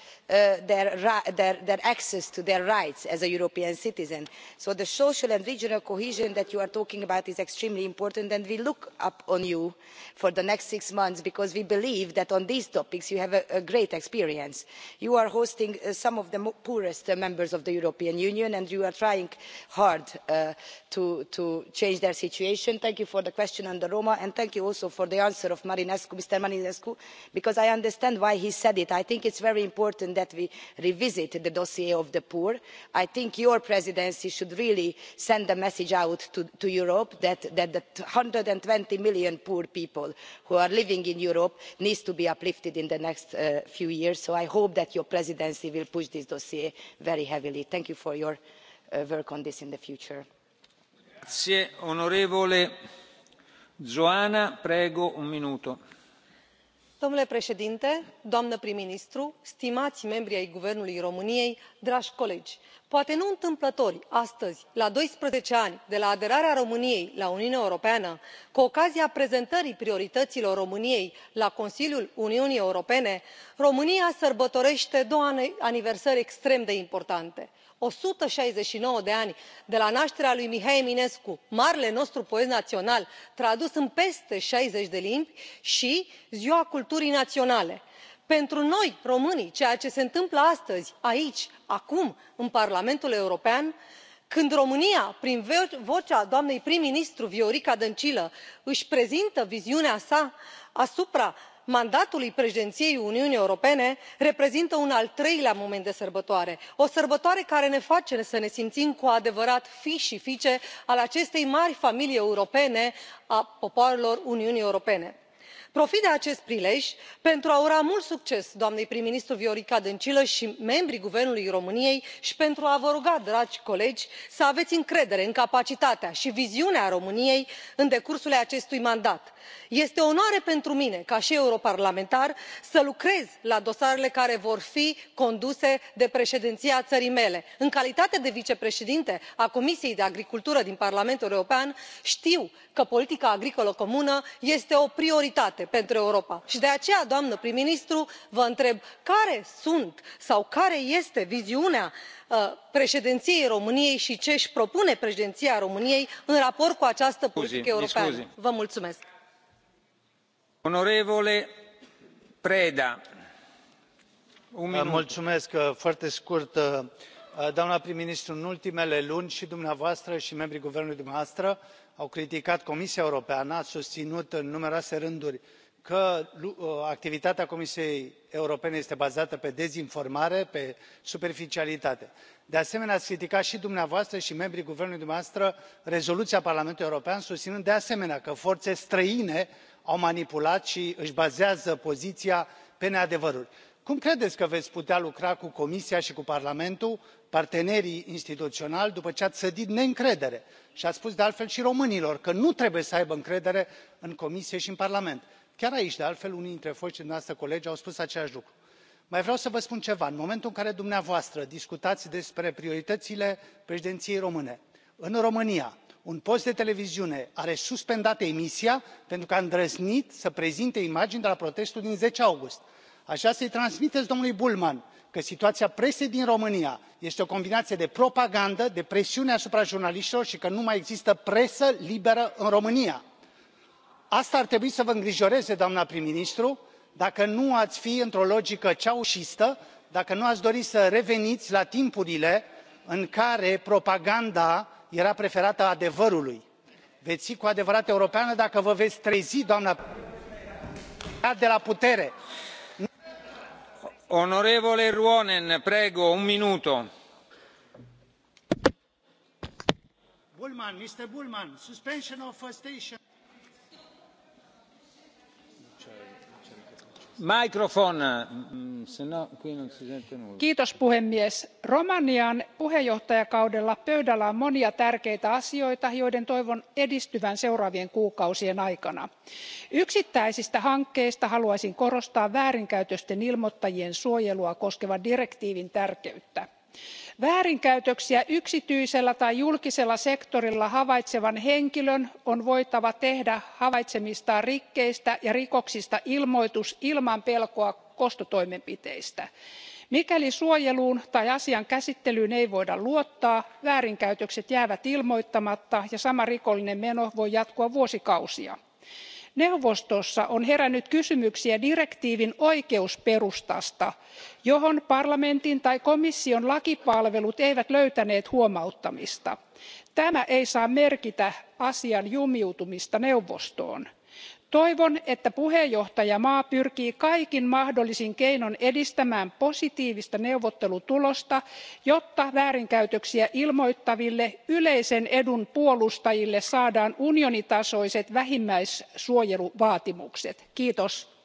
their access to their rights as a european citizen. so the social and regional cohesion that you are talking about is extremely important and we look up to you for the next six months because we believe that on these topics you have a great experience. you are hosting uh, some of the poorest members of the european union and you are trying hard Uh, to change their situation. thank you for the question on the roma and thank you also for the answer of mr marinescu because i understand why he said it. i think it's very important that we revisit the dossier of the poor. i think your presidency should really send a message out to europe that the one hundred and twenty million poor people who are living in europe needs to be uplifted in the next uh, few years so i hope that your presidency will push this dossier very heavily. thank you for your Uh, work on this in the future. Domnule președinte, doamnă prim-ministru, stimați membri ai Guvernului României, dragi colegi, poate nu întâmplător astăzi la doisprezece ani de la aderarea româniei la uniunea europeană cu ocazia prezentării priorităților româniei la consiliul uniunii europene românia sărbătorește două aniversări extrem de importante o sută șaizeci și nouă de ani de la nașterea lui mihai eminescu marele nostru poet național tradus în peste șaizeci de limbi și ziua culturii naționale. pentru noi românii ceea ce se întâmplă astăzi aici acum în parlamentul european când românia prin vocea doamnei prim ministru viorica dăncilă își prezintă viziunea sa asupra mandatului președinției uniunii europene reprezintă un al treilea moment de sărbătoare o sărbătoare care ne face să ne simțim cu adevărat fii și fiice ale acestei mari familii europene a popoarelor uniunii europene. profit de acest prilej pentru a ura mult succes doamnei prim ministru viorica dăncilă și membrilor guvernului româniei și pentru a vă ruga dragi colegi să aveți încredere în capacitatea și viziunea româniei în decursul acestui mandat este o onoare pentru mine ca și europarlamentar să lucrez la dosarele care vor fi conduse de președinția țării mele. în calitate de vicepreședinte a comisiei de agricultură din parlamentul european știu că politica agricolă comună este o prioritate pentru europa și de aceea doamnă prim ministru vă întreb care sunt sau care este viziunea uh, președinției româniei și ce își propune președinția româniei în raport cu această politică europeană? vă mulțumesc. Onorevole Preda. Mulțumesc uh, foarte scurt. Uh, uh, doamna prim-ministru, în ultimele luni și dumneavoastră și membrii guvernului dumneavoastră au criticat Comisia Europeană, ați susținut în numeroase rânduri că activitatea comisiei europene este bazată pe dezinformare pe superficialitate. de asemenea ați criticat și dumneavoastră și membrii guvernului dumneavoastră rezoluția parlamentului european susținând de asemenea că forțe străine au manipulat și își bazează poziția pe neadevăruri. cum credeți că veți putea lucra cu comisia și cu parlamentul partenerii instituționali după ce ați sădit neîncredere și ați spus de altfel și românilor că nu trebuie să aibă încredere în comisie și în parlament? chiar aici de altfel unii dintre foștii dumneavoastră colegi au spus același lucru. mai vreau să vă spun ceva în momentul în care dumneavoastră discutați despre prioritățile președinției române în românia un post de televiziune are suspendat emisia pentru că a îndrăznit să prezinte imagini de la protestul din 10 august așa să i transmiteți domnului bullmann că situația presei din românia este o combinație de propagandă de presiune asupra jurnaliștilor și că nu mai există presă liberă în românia. asta ar trebui să vă îngrijoreze doamnă prim ministru dacă nu ați fi într o logică ceaușistă dacă nu ați dori să reveniți la timpurile în care propaganda era preferata adevărului. veți fi cu adevărat europeană dacă vă veți trezi doamnă președintă de la putere. onorevole ruonen prego un minuto. Bullman, Mr. Bullman, suspension of station. arvoisa mm, puhemies romanian puheenjohtajakaudella pöydällä on monia tärkeitä asioita joiden toivon edistyvän seuraavien kuukausien aikana. yksittäisistä hankkeista haluaisin korostaa väärinkäytösten ilmoittajien suojelua koskevan direktiivin tärkeyttä väärinkäytöksiä yksityisellä tai julkisella sektorilla havaitsevan henkilön on voitava tehdä havaitsemistaan rikkeistä ja rikoksista ilmoitus ilman pelkoa kostotoimenpiteistä. mikäli suojeluun tai asian käsittelyyn ei voida luottaa väärinkäytökset jäävät ilmoittamatta ja sama rikollinen meno voi jatkua vuosikausia neuvostossa on herännyt kysymyksiä direktiivin oikeusperustasta johon parlamentin tai komission lakipalvelut eivät löytäneet huomauttamista. tämä ei saa merkitä asian jumiutumista neuvostoon toivon että maa pyrkii kaikin mahdollisin keinon edistämään positiivista neuvottelutulosta jotta väärinkäytöksiä ilmoittaville yleisen edun puolustajille saadaan unionitasoiset vähimmäissuojeluvaatimukset. kiitos.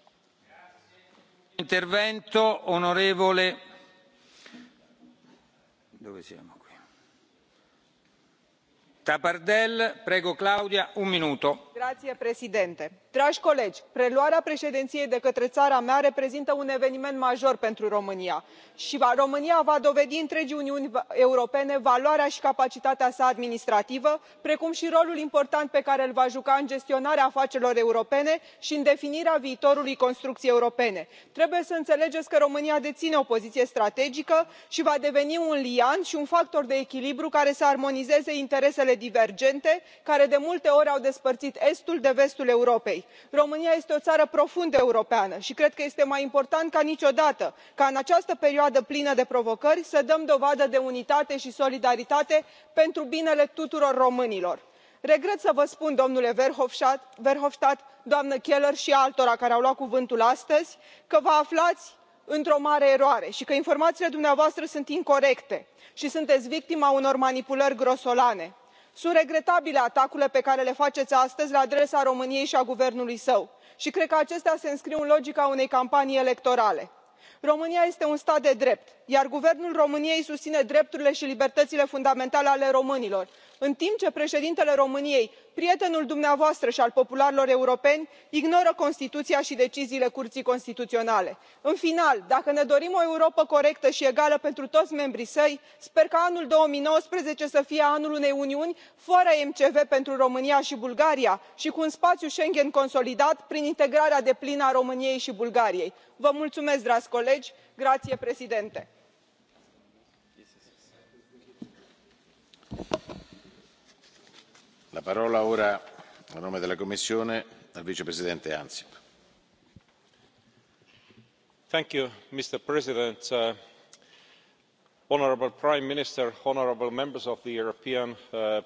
Tapardelle, prego Claudia, un minuto domnule președinte. dragi colegi preluarea președinției de către țara mea reprezintă un eveniment major pentru românia și românia va dovedi întregii uniuni europene valoarea și capacitatea sa administrativă precum și rolul important pe care îl va juca în gestionarea afacerilor europene și în definirea viitorului construcției europene. trebuie să înțelegeți că românia deține o poziție strategică și va deveni un liant și un factor de echilibru care să armonizeze interesele divergente care de multe ori au despărțit estul de vestul europei. românia este o țară profund europeană și cred că este mai important ca niciodată ca în această perioadă plină de provocări să dăm dovadă de unitate și solidaritate pentru binele tuturor românilor. regret să vă spun domnule verhofstadt doamnă keller și altora care au luat cuvântul astăzi că vă aflați într o mare eroare și că informațiile dumneavoastră sunt incorecte și sunteți victima unor manipulări grosolane sunt regretabile atacurile pe care le faceți astăzi la adresa româniei și a guvernului său și cred că acestea se înscriu în logica unei campanii electorale. românia este un stat de drept iar guvernul româniei susține drepturile și libertățile fundamentale ale românilor în timp ce președintele româniei prietenul dumneavoastră și al popularilor europeni ignoră constituția și deciziile curții constituționale. în final dacă ne dorim o europă corectă și egală pentru toți membrii săi sper ca anul 2019 să fie anul unei uniuni fără mcv pentru românia și bulgaria și cu un spațiu schengen consolidat prin integrarea deplină a româniei și bulgariei. vă mulțumesc dragi colegi grație presidente la parola ora a nome della commissione al vicepresidente ansip. mr president uh, honourable prime minister honourable members of the european uh,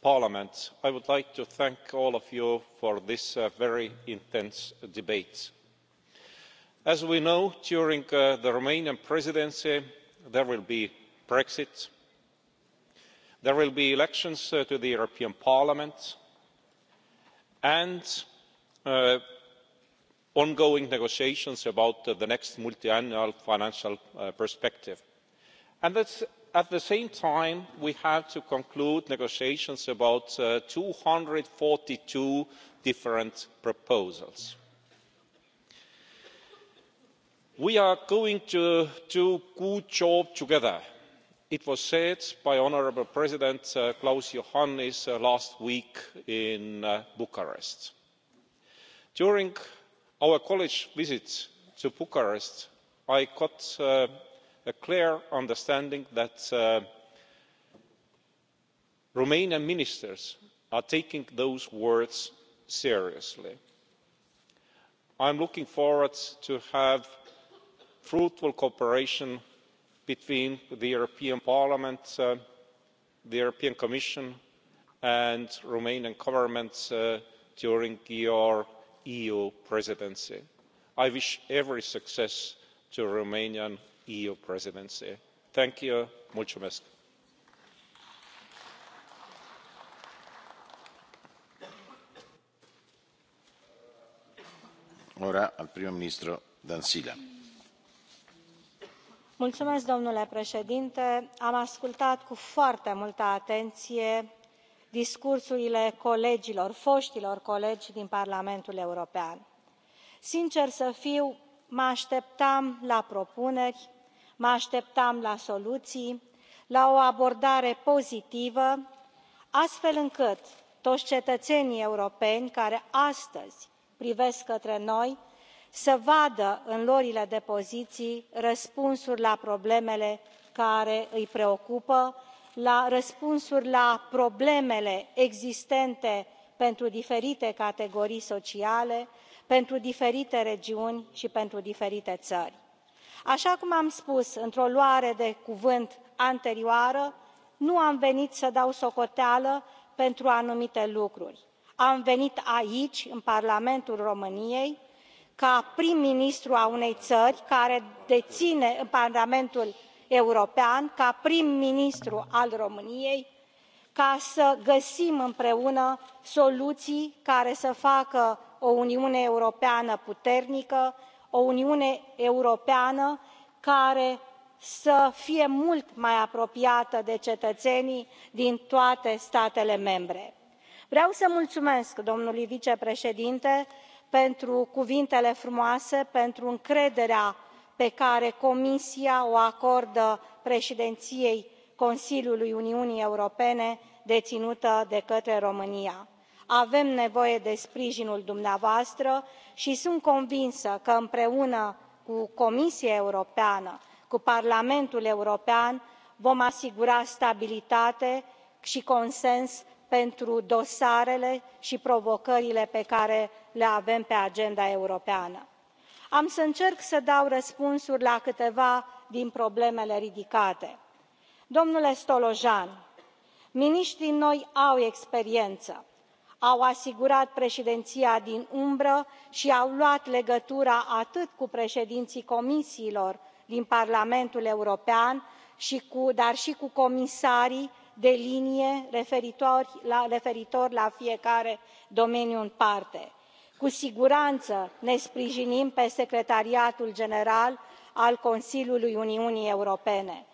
parliament i would like to thank all of you for this uh, very intense debate. as we know during the romanian presidency there will be brexit there will be elections uh, to the european parliament and uh, ongoing negotiations about uh, the next multiannual financial perspective and at the same time we have to conclude negotiations about two hundred and forty two different proposals. we are going to do a good job together it was said by honourable president klaus uh, johannis uh, last week in uh, bucharest. during our college visit to bucharest i got a clear understanding that romanian ministers are taking those words seriously. i am looking forward to having fruitful cooperation between the european parliament uh, the european commission and the romanian government uh, during your eu presidency. i wish every success to the romanian eu presidency. thank you. mulțumesc. ora domnule președinte am ascultat cu foarte multă atenție discursurile colegilor foștilor colegi din parlamentul european. sincer să fiu mă așteptam la propuneri mă așteptam la soluții la o abordare pozitivă astfel încât toți cetățenii europeni care astăzi privesc către noi să vadă în lorile de poziții răspunsuri la problemele care îi preocupă răspunsuri la problemele existente pentru diferite categorii sociale pentru diferite regiuni și pentru diferite țări. așa cum am spus într o luare de cuvânt anterioară nu am venit să dau socoteală pentru anumite lucruri am venit aici în parlamentul româniei ca prim ministru a unei țări care deține parlamentul european ca prim ministru al româniei ca să găsim împreună soluții care să facă o uniune europeană puternică o uniune europeană care să fie mult mai apropiată de cetățenii din toate statele membre. vreau să mulțumesc domnului vicepreședinte pentru cuvintele frumoase pentru încrederea pe care comisia o acordă președinției consiliului uniunii europene deținută de către românia. avem nevoie de sprijinul dumneavoastră și sunt convinsă că împreună cu comisia europeană cu parlamentul european vom asigura stabilitate și consens pentru dosarele și provocările pe care le avem pe agenda europeană. am să încerc să dau răspunsuri la câteva din problemele ridicate. domnule stolojan miniștrii noi au experiență au asigurat președinția din umbră și au luat legătura atât cu președinții comisiilor din parlamentul european dar și cu comisarii de linie referitor la fiecare domeniu în parte. cu siguranță ne sprijinim pe secretariatul general al consiliului uniunii europene.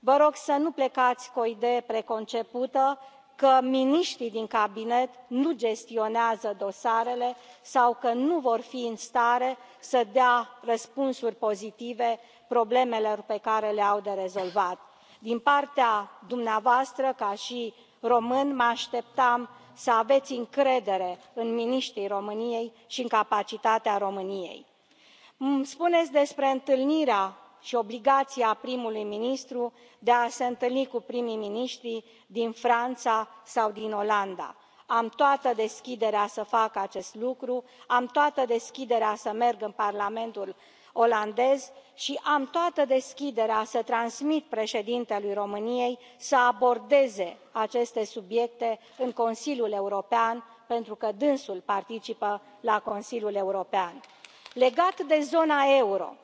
vă rog să nu plecați cu o idee preconcepută că miniștrii din cabinet nu gestionează dosarele sau că nu vor fi în stare să dea răspunsuri pozitive problemelor pe care le au de rezolvat din partea dumneavoastră ca și român mă așteptam să aveți încredere în miniștrii româniei și în capacitatea româniei. îmi spuneți despre întâlnirea și obligația primului ministru de a se întâlni cu prim miniștrii din franța sau din olanda. am toată deschiderea să fac acest lucru am toată deschiderea să merg în parlamentul olandez și am toată deschiderea să transmit președintelui româniei să abordeze aceste subiecte în consiliul european pentru că dânsul participă la consiliul european. legat de zona euro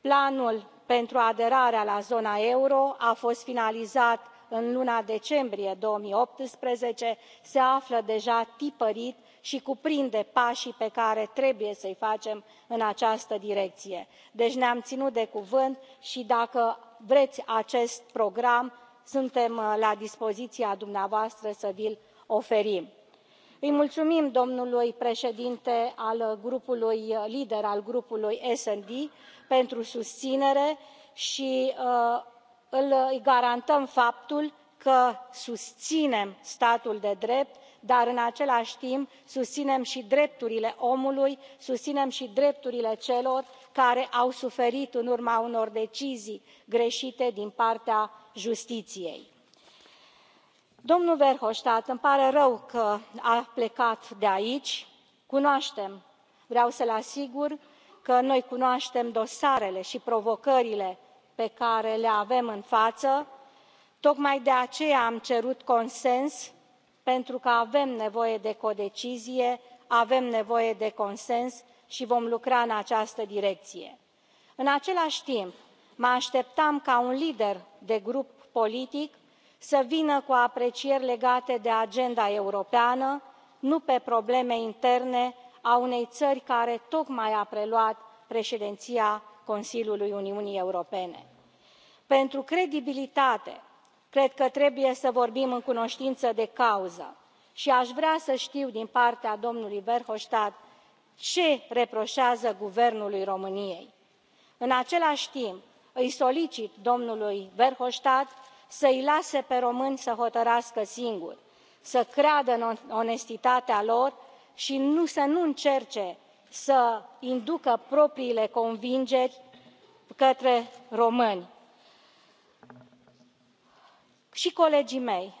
planul pentru aderarea la zona euro a fost finalizat în luna decembrie 2018 se află deja tipărit și cuprinde pașii pe care trebuie să i facem în această direcție deci ne am ținut de cuvânt și dacă vreți acest program suntem uh, la dispoziția dumneavoastră să vi l oferim. îi mulțumim domnului președinte uh, lider al grupului SD pentru susținere și uh, îi garantăm faptul că susținem statul de drept dar în același timp susținem și drepturile omului susținem și drepturile celor care au suferit în urma unor decizii greșite din partea justiției. domnul verhofstadt îmi pare rău că a plecat de aici cunoaștem vreau să l asigur că noi cunoaștem dosarele și provocările pe care le avem în față tocmai de aceea am cerut consens pentru că avem nevoie de codecizie avem nevoie de consens și vom lucra în această direcție. în același timp mă așteptam ca un lider de grup politic să vină cu aprecieri legate de agenda europeană nu pe probleme interne a unei țări care tocmai a preluat președinția consiliului uniunii europene pentru credibilitate cred că trebuie să vorbim în cunoștință de cauză și aș vrea să știu din partea domnului verhofstadt ce reproșează guvernului româniei. în același timp îi solicit domnului verhofstadt să îi lase pe români să hotărască singuri să creadă în onestitatea lor și să nu încerce să inducă propriile convingeri către români și colegii mei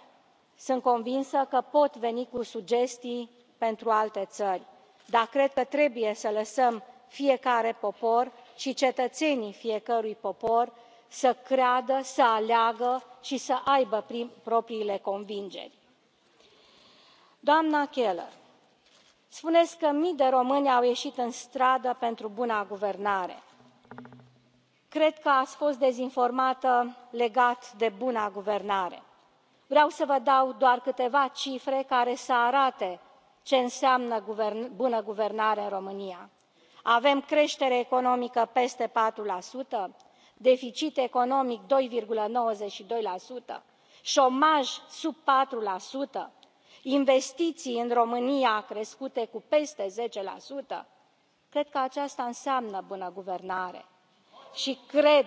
sunt convinsă că pot veni cu sugestii pentru alte țări dar cred că trebuie să lăsăm fiecare popor și cetățenii fiecărui popor să creadă să aleagă și să aibă propriile convingeri. doamnă keller spuneți că mii de români au ieșit în stradă pentru buna guvernare cred că ați fost dezinformată legat de buna guvernare. vreau să vă dau doar câteva cifre care să arate ce înseamnă bună guvernare în românia avem creștere economică peste 4%, deficit economic 2,92%, nouăzeci șomaj sub 4%, investiții în românia crescute cu peste 10%, cred că aceasta înseamnă bună guvernare și cred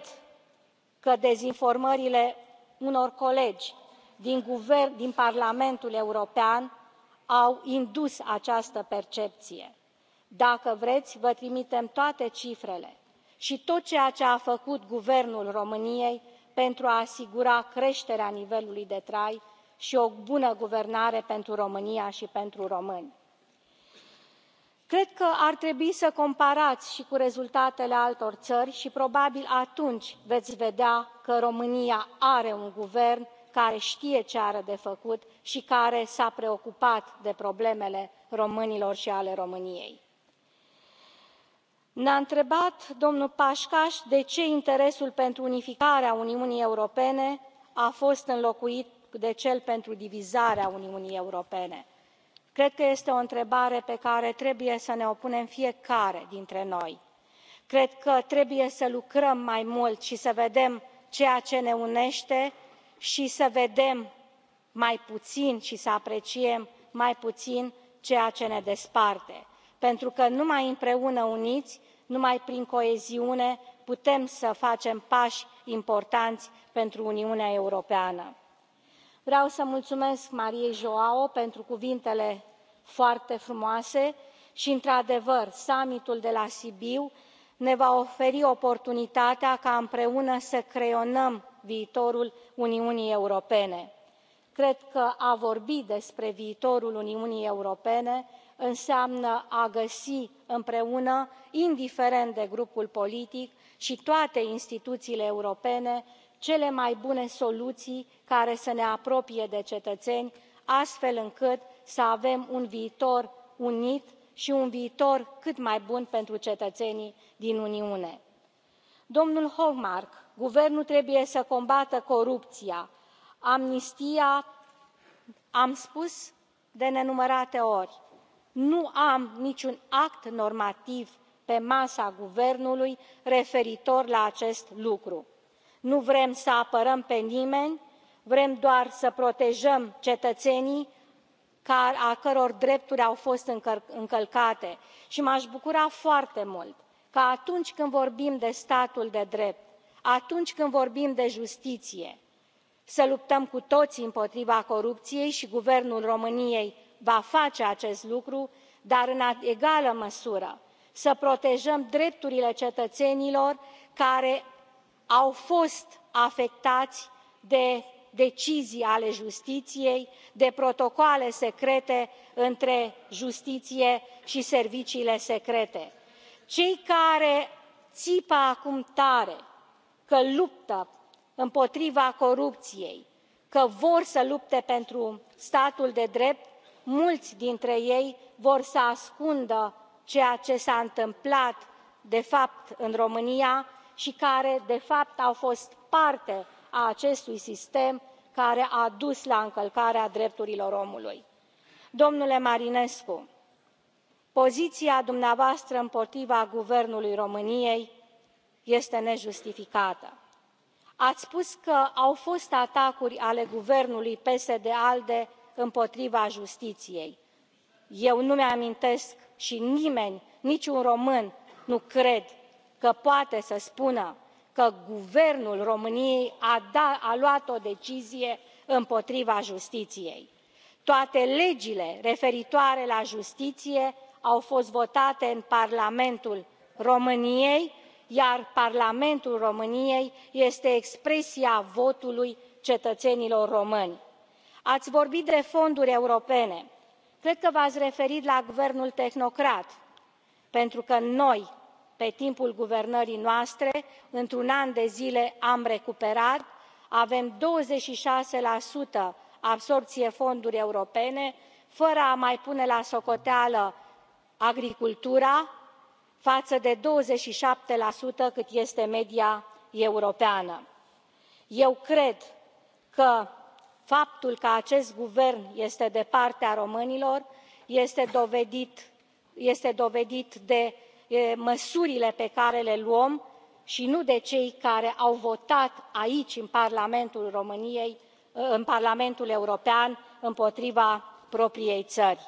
că dezinformările unor colegi din guvern din parlamentul european au indus această percepție. dacă vreți vă trimitem toate cifrele și tot ceea ce a făcut guvernul româniei pentru a asigura creșterea nivelului de trai și o bună guvernare pentru românia și pentru români cred că ar trebui să comparați și cu rezultatele altor țări și probabil atunci veți vedea că românia are un guvern care știe ce are de făcut și care s a preocupat de problemele românilor și ale româniei. ne a întrebat domnul paksas de ce interesul pentru unificarea uniunii europene a fost înlocuit de cel pentru divizarea uniunii europene cred că este o întrebare pe care trebuie să ne o punem fiecare dintre noi. cred că trebuie să lucrăm mai mult și să vedem ceea ce ne unește și să vedem mai puțin și să apreciem mai puțin ceea ce ne desparte pentru că numai împreună uniți numai prin coeziune putem să facem pași importanți pentru uniunea europeană vreau să mulțumesc mariei Joao pentru cuvintele foarte frumoase și într adevăr summitul de la sibiu ne va oferi oportunitatea ca împreună să creionăm viitorul uniunii europene. cred că a vorbi despre viitorul uniunii europene înseamnă a găsi împreună indiferent de grupul politic și toate instituțiile europene cele mai bune soluții care să ne apropie de cetățeni astfel încât să avem un viitor unit și un viitor cât mai bun pentru cetățenii din uniune. Domnul hkmark guvernul trebuie să combată corupția amnistia am spus de nenumărate ori nu am niciun act normativ pe masa guvernului referitor la acest lucru nu vrem să apărăm pe nimeni vrem doar să protejăm cetățenii a căror drepturi au fost încălcate și m aș bucura foarte mult ca atunci când vorbim de statul de drept atunci când vorbim de justiție să luptăm cu toții împotriva corupției și guvernul româniei va face acest lucru dar în egală măsură să protejăm drepturile cetățenilor care au fost afectați de decizii ale justiției de protocoale secrete între justiție și serviciile secrete. cei care țipă acum tare că luptă împotriva corupției că vor să lupte pentru statul de drept mulți dintre ei vor să ascundă ceea ce s a întâmplat de fapt în românia și care de fapt au fost parte a acestui sistem care a dus la încălcarea drepturilor omului. domnule marinescu poziția dumneavoastră împotriva guvernului româniei este nejustificată. ați spus că au fost atacuri ale guvernului psd alde împotriva justiției. eu nu îmi amintesc și nimeni niciun român nu cred că poate să spună că guvernul româniei a, a luat o decizie împotriva justiției. toate legile referitoare la justiție au fost votate în parlamentul româniei iar parlamentul româniei este expresia votului cetățenilor români. ați vorbit de fonduri europene cred că v ați referit la guvernul tehnocrat pentru că noi pe timpul guvernării noastre într un an de zile am recuperat avem 26% și absorbție fonduri europene fără a mai pune la socoteală agricultura față de 27% și șapte cât este media europeană. eu cred că faptul că acest guvern este de partea românilor este dovedit de E măsurile pe care le luăm și nu de cei care au votat aici în parlamentul româniei în parlamentul european împotriva propriei țări.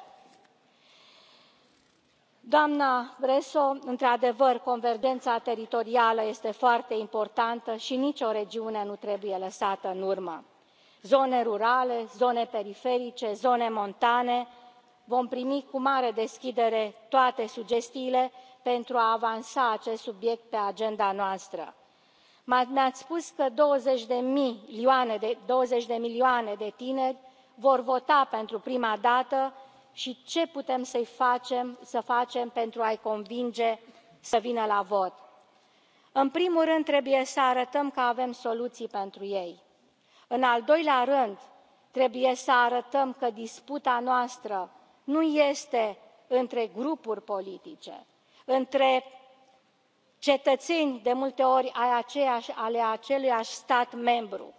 Doamna bresso într adevăr convergența teritorială este foarte importantă și nicio regiune nu trebuie lăsată în urmă zone rurale zone periferice zone montane vom primi cu mare deschidere toate sugestiile pentru a avansa acest subiect pe agenda noastră. mi ați spus că douăzeci de milioane de, 20 de milioane de tineri vor vota pentru prima dată și ce putem să facem, să facem pentru a i convinge să vină la vot. în primul rând trebuie să arătăm că avem soluții pentru ei. în al doilea rând trebuie să arătăm că disputa noastră nu este între grupuri politice între cetățeni de multe ori ai aceluiași stat membru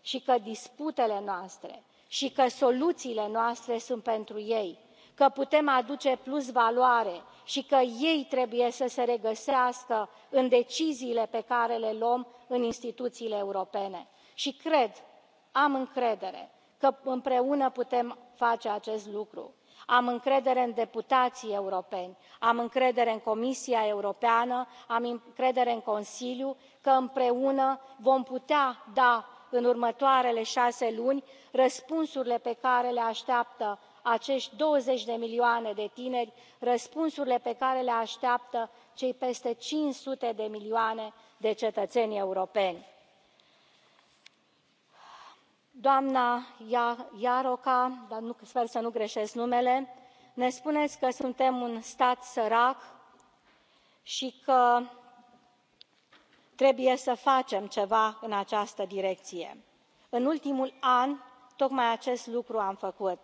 și că disputele noastre și că soluțiile noastre sunt pentru ei că putem aduce valoare și că ei trebuie să se regăsească în deciziile pe care le luăm în instituțiile europene și cred am încredere că împreună putem face acest lucru am încredere în deputații europeni am încredere în comisia europeană am încredere în consiliu că împreună vom putea da în următoarele șase luni răspunsurile pe care le așteaptă acești douăzeci de milioane de tineri răspunsurile pe care le așteaptă cei peste cinci sute de milioane de cetățeni europeni doamna jrka sper să nu greșesc numele ne spuneți că suntem un stat sărac și că trebuie să facem ceva în această direcție. în ultimul an tocmai acest lucru am făcut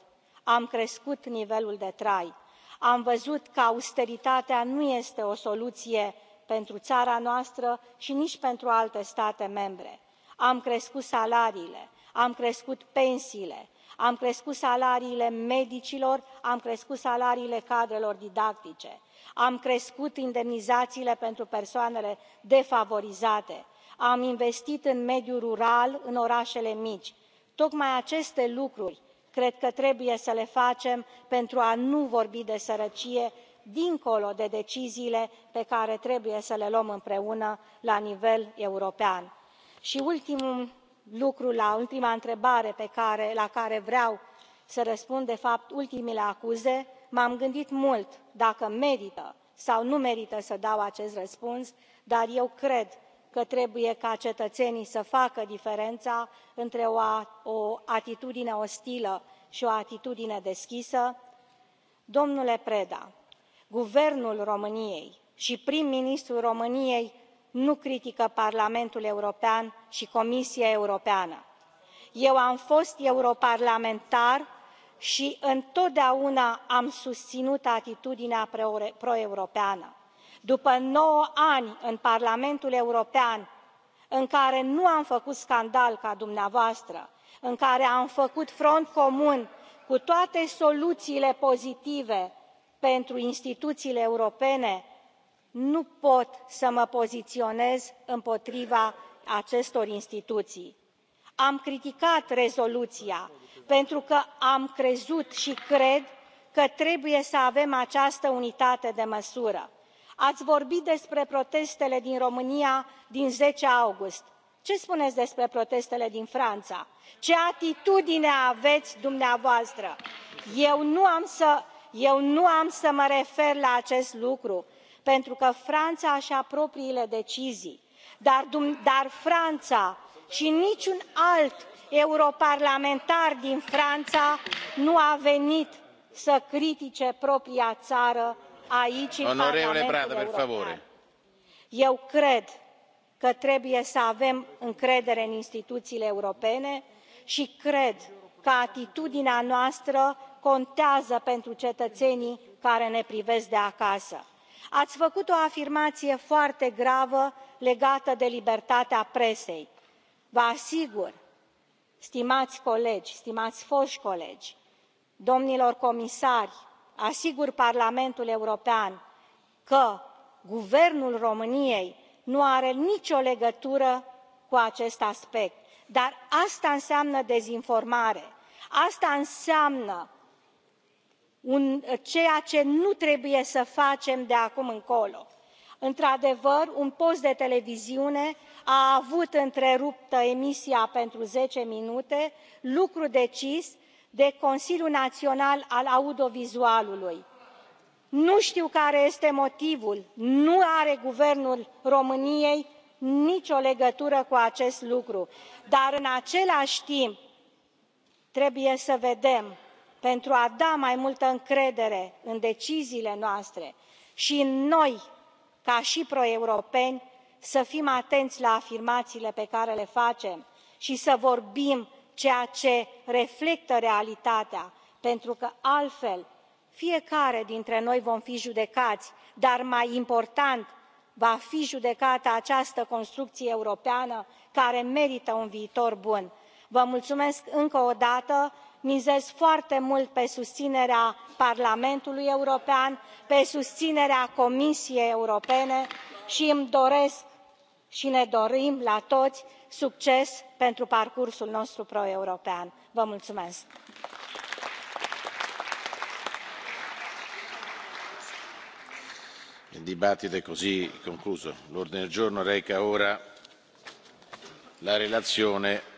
am crescut nivelul de trai am văzut că austeritatea nu este o soluție pentru țara noastră și nici pentru alte state membre am crescut salariile am crescut pensiile am crescut salariile medicilor am crescut salariile cadrelor didactice am crescut indemnizațiile pentru persoanele defavorizate am investit în mediul rural în orașele mici. tocmai aceste lucruri cred că trebuie să le facem pentru a nu vorbi de sărăcie dincolo de deciziile pe care trebuie să le luăm împreună la nivel european. și ultimul lucru la ultima întrebare la care vreau să răspund de fapt ultimele acuze m am gândit mult dacă merită sau nu merită să dau acest răspuns dar eu cred că trebuie ca cetățenii să facă diferența între o atitudine ostilă și o atitudine deschisă. domnule preda guvernul româniei și prim ministrul româniei nu critică parlamentul european și comisia europeană. eu am fost europarlamentar și întotdeauna am susținut atitudinea pro europeană. după nouă ani în parlamentul european în care nu am făcut scandal ca dumneavoastră în care am făcut front comun cu toate soluțiile pozitive pentru instituțiile europene nu pot să mă poziționez împotriva acestor instituții. am criticat rezoluția pentru că am crezut și cred că trebuie să avem această unitate de măsură. ați vorbit despre protestele din românia din 10 august ce spuneți despre protestele din franța? ce atitudine aveți dumneavoastră? eu nu am să mă refer la acest lucru pentru că franța își ia propriile decizii dar, franța și niciun alt europarlamentar din franța nu a venit să critice propria țară aici în parlamentul eu cred că trebuie să avem încredere în instituțiile europene și cred că atitudinea noastră contează pentru cetățenii care ne privesc de acasă ați făcut o afirmație foarte gravă legată de libertatea presei. vă asigur stimați colegi stimați foști colegi domnilor comisari asigur parlamentul european că guvernul româniei nu are nicio legătură cu acest aspect dar asta înseamnă dezinformare asta înseamnă Eh, ceea ce nu trebuie să facem de acum încolo. într adevăr un post de televiziune a avut întreruptă emisia pentru zece minute lucru decis de consiliul național al audiovizualului. nu știu care este motivul nu are guvernul româniei nicio legătură cu acest lucru dar în același timp trebuie să vedem pentru a da mai multă încredere în deciziile noastre și în noi ca și europeni să fim atenți la afirmațiile pe care le facem și să vorbim ceea ce reflectă realitatea pentru că altfel fiecare dintre noi vom fi judecați dar mai important va fi judecată această construcție europeană care merită un viitor bun. vă mulțumesc încă o dată mizez foarte mult pe susținerea parlamentului european pe susținerea comisiei europene și îmi doresc și ne dorim la toți succes pentru parcursul nostru pro european. vă mulțumesc. dibattito così concluso. l'ordine del giorno reca ora la relazione